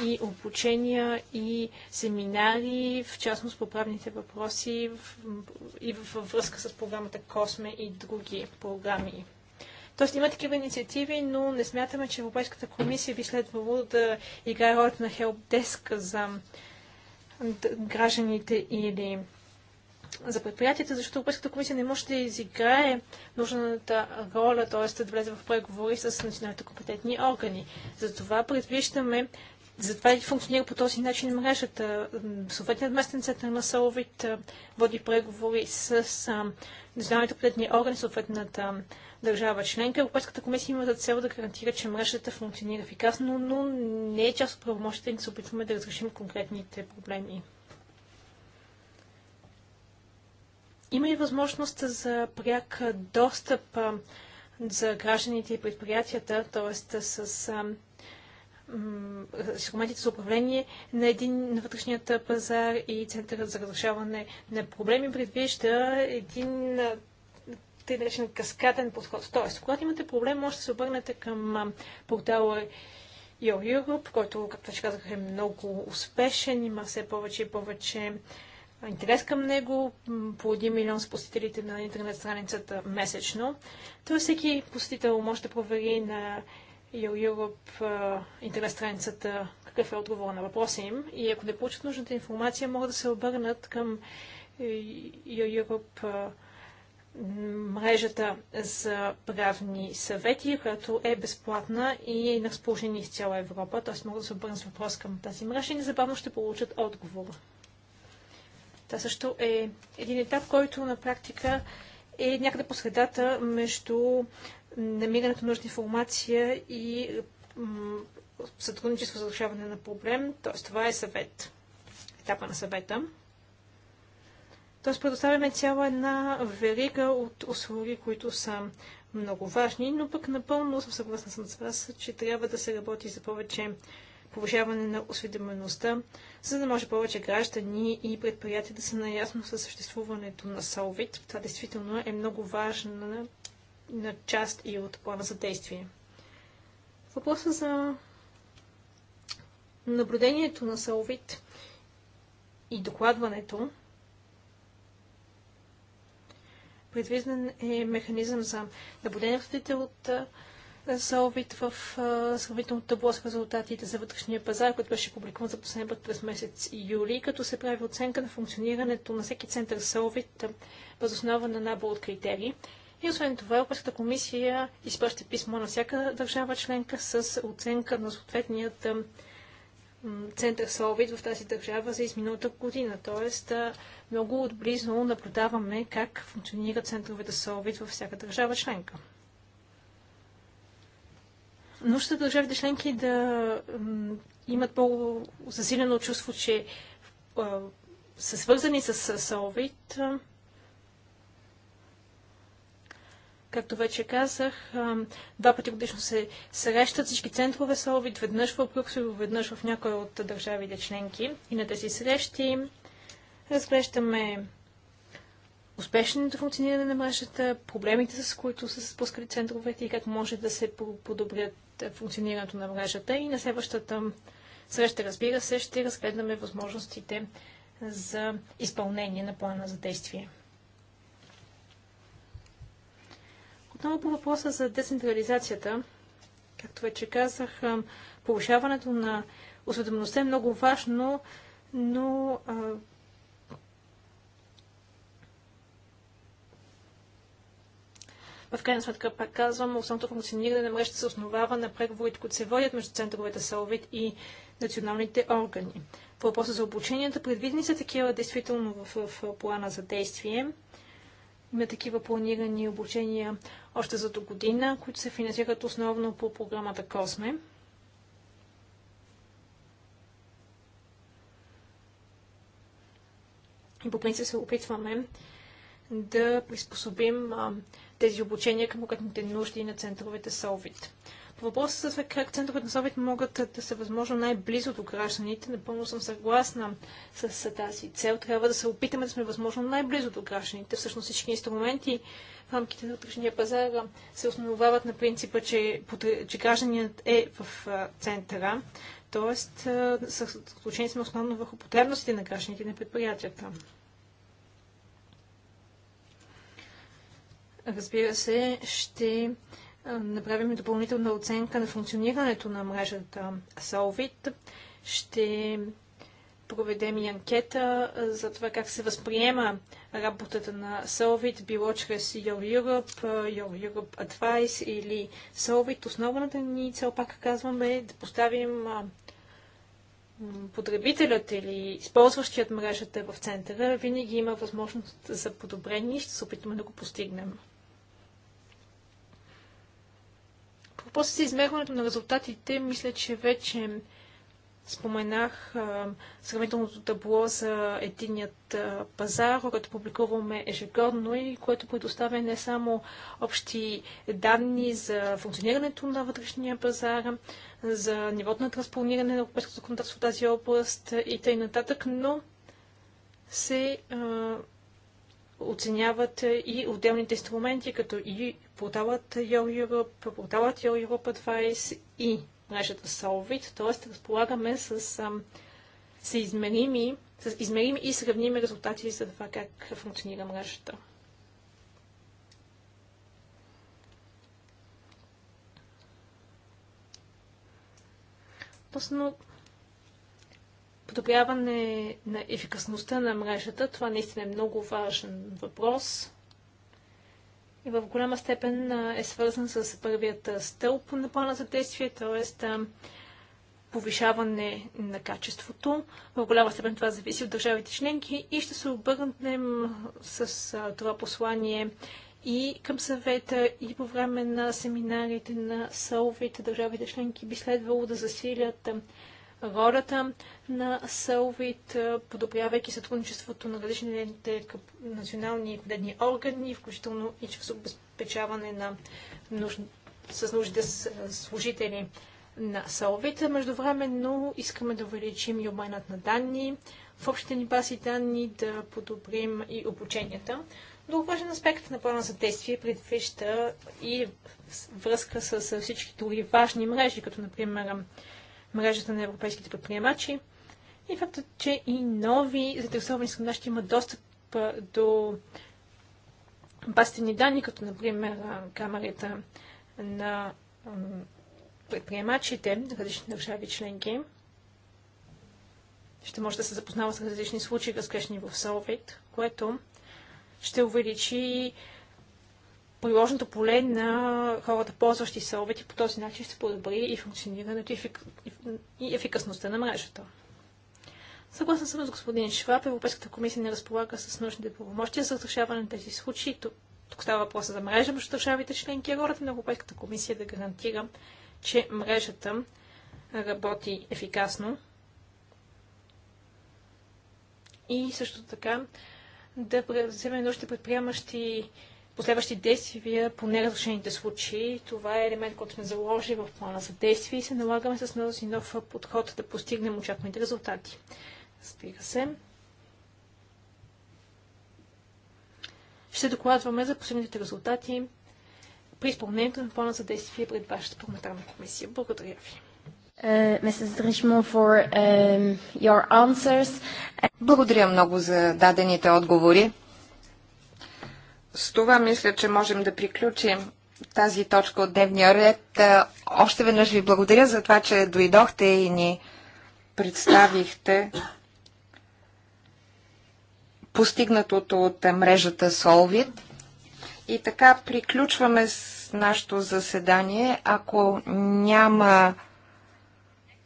и обучения и семинари, в частност по правните въпроси и във връзка с програмата Косме и други програми. Тоест има такива инициативи, но не смятаме, че Европейската комисия би следвало да играе ролята на хелпдеск за гражданите или за предприятията, защото Европейската комисия не може да изиграе нужната роля, т.е. да влезе в преговори с националните компетентни органи. Затова предвиждаме затова и функционира по този начин мрежата. Съответният местен център на Соловит води преговори с националните кредитни органи, съответната държава членка. Европейската комисия има за цел да гарантира, че мрежата функционира ефикасно, но не е част от правомощите ни се опитваме да разрешим конкретните проблеми. Има и възможност за пряк достъп за гражданите и предприятията, т.е. с инструментите за управление на един на вътрешният пазар и центъра за разрешаване на проблеми предвижда един тъй наречен каскаден подход. Тоест, когато имате проблем, може да се обърнете към портала Your Europe, който, както вече казах, е много успешен, има все повече и повече интерес към него, по 1 милион с посетителите на интернет страницата месечно. Тоест всеки посетител може да провери на EU Europe интернет страницата, какъв е отговор на въпроса им. И ако не получат нужната информация, могат да се обърнат към EU е, Europe мрежата за правни съвети, която е безплатна и е на разположение из цяла Европа. Т.е. могат да се обърнат с въпрос към тази мрежа и незабавно ще получат отговор. Това също е един етап, който на практика е някъде по средата между намирането на нужна информация и сътрудничество за решаване на проблем. Т.е. това е съвет. Етапа на съвета. Т.е. предоставяме цяла една верига от услуги, които са много важни, но пък напълно съм съгласна с вас, че трябва да се работи за повече повишаване на осведомеността, за да може повече граждани и предприятия да са наясно със съществуването на Солвит. Това действително е много важна на част и от плана за действие. Въпроса за наблюдението на Салвит и докладването предвиден е механизъм за наблюдение на от Салвит в сравнително табло с резултатите за вътрешния пазар, който беше публикуван за последния път през месец юли, като се прави оценка на функционирането на всеки център Салвит въз основа на набор от критерии. И освен това, Европейската комисия изпраща писмо на всяка държава членка с оценка на съответният център Солвит в тази държава за изминалата година. Тоест, много отблизо наблюдаваме как функционират центровете Солвит във всяка държава членка. Нужда държавите членки да имат по-засилено чувство, че са свързани с Солвит, Както вече казах, два пъти годишно се срещат всички центрове Солвит, веднъж в Брюксел, веднъж в някои от държавите членки. И на тези срещи разглеждаме успешното функциониране на мрежата, проблемите, с които са се спускали центровете и как може да се подобрят функционирането на мрежата. И на следващата среща, разбира се, ще разгледаме възможностите за изпълнение на плана за действие. Отново по въпроса за децентрализацията, както вече казах, повишаването на осведомеността е много важно, но а, В крайна сметка, пак казвам, основното функциониране на мрежата се основава на преговорите, които се водят между центровете СОВИД и националните органи. По въпроса за обученията, предвидени са такива действително в, в плана за действие. Има такива планирани обучения още за до година, които се финансират основно по програмата Косме. И по принцип се опитваме да приспособим а, тези обучения към конкретните нужди на центровете Солвит въпросът за как центровете на съвет могат да са възможно най-близо до гражданите, напълно съм съгласна с тази цел. Трябва да се опитаме да сме възможно най-близо до гражданите. Всъщност всички инструменти в рамките на вътрешния пазар се основават на принципа, че, че гражданият е в центъра. Тоест, съсредоточени сме основно върху потребностите на гражданите на предприятията. Разбира се, ще направим допълнителна оценка на функционирането на мрежата Solvit. Ще проведем и анкета за това как се възприема работата на Solvit, било чрез Your Europe, Your Europe Advice или Solvit. Основната ни цел, пак казваме, е да поставим потребителят или използващият мрежата в центъра. Винаги има възможност за подобрение и ще се опитаме да го постигнем. После с измерването на резултатите, мисля, че вече споменах а, сравнителното табло за единият а, пазар, което публикуваме ежегодно и което предоставя не само общи данни за функционирането на вътрешния пазар, за нивото на транспониране на европейското законодателство в тази област и т.н., но се а, оценяват и отделните инструменти, като и порталът Your Европа, подават Your Europe и мрежата Solvit, т.е. разполагаме с с, измерими, с измерими и сравними резултати за това как функционира мрежата. Относно подобряване на ефикасността на мрежата, това наистина е много важен въпрос и в голяма степен е свързан с първият стълб на плана за действие, т.е. повишаване на качеството. В голяма степен това зависи от държавите членки и ще се обърнем с това послание и към съвета, и по време на семинарите на СОВИТ, държавите членки би следвало да засилят ролята на Сълвит, подобрявайки сътрудничеството на различните национални гледни органи, включително и чрез обезпечаване на нуж... с нуждите служители на Сълвит. Междувременно искаме да увеличим и обменът на данни, в общите ни баси данни да подобрим и обученията. Друг важен аспект на плана за действие предвижда и връзка с всички други важни мрежи, като например мрежата на европейските предприемачи. И фактът, че и нови заинтересовани страни ще имат достъп до базите данни, като например камерата на предприемачите на различни държави членки. Ще може да се запознава с различни случаи, разгрешни в Солвейт, което ще увеличи приложното поле на хората, ползващи се обети, по този начин ще се подобри и функционирането и, ефикасността на мрежата. Съгласен съм с господин Шваб, Европейската комисия не разполага с нужните правомощия за разрешаване на тези случаи. Тук става въпроса за мрежа между държавите членки. Е ролята на Европейската комисия е да гарантира, че мрежата работи ефикасно и също така да вземе нужните предприемащи последващи действия по неразрешените случаи. Това е елемент, който сме заложили в плана за действие и се налагаме с и нов подход да постигнем очакваните резултати. Разбира се. Ще докладваме за последните резултати при изпълнението на плана за действие пред вашата парламентарна комисия. Благодаря ви. Uh, for, um, Благодаря много за дадените отговори. С това мисля, че можем да приключим тази точка от дневния ред. Е, още веднъж ви благодаря за това, че дойдохте и ни представихте постигнатото от мрежата Солвид. И така приключваме с нашето заседание. Ако няма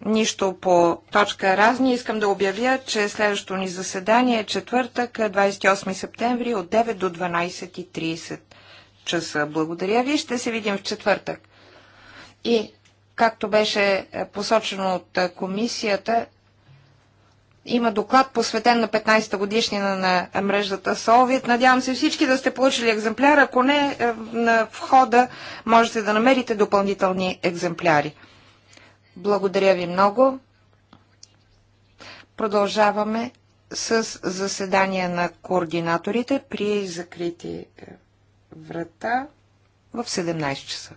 нищо по точка разни. Искам да обявя, че следващото ни заседание е четвъртък, 28 септември от 9 до 12.30 часа. Благодаря ви, ще се видим в четвъртък. И, както беше е, посочено от е, комисията, има доклад посветен на 15-та годишнина на е, мрежата Солвит. Надявам се всички да сте получили екземпляр. Ако не, на входа можете да намерите допълнителни екземпляри. Благодаря ви много. Продължаваме с заседание на координаторите при закрити е, врата в 17 часа.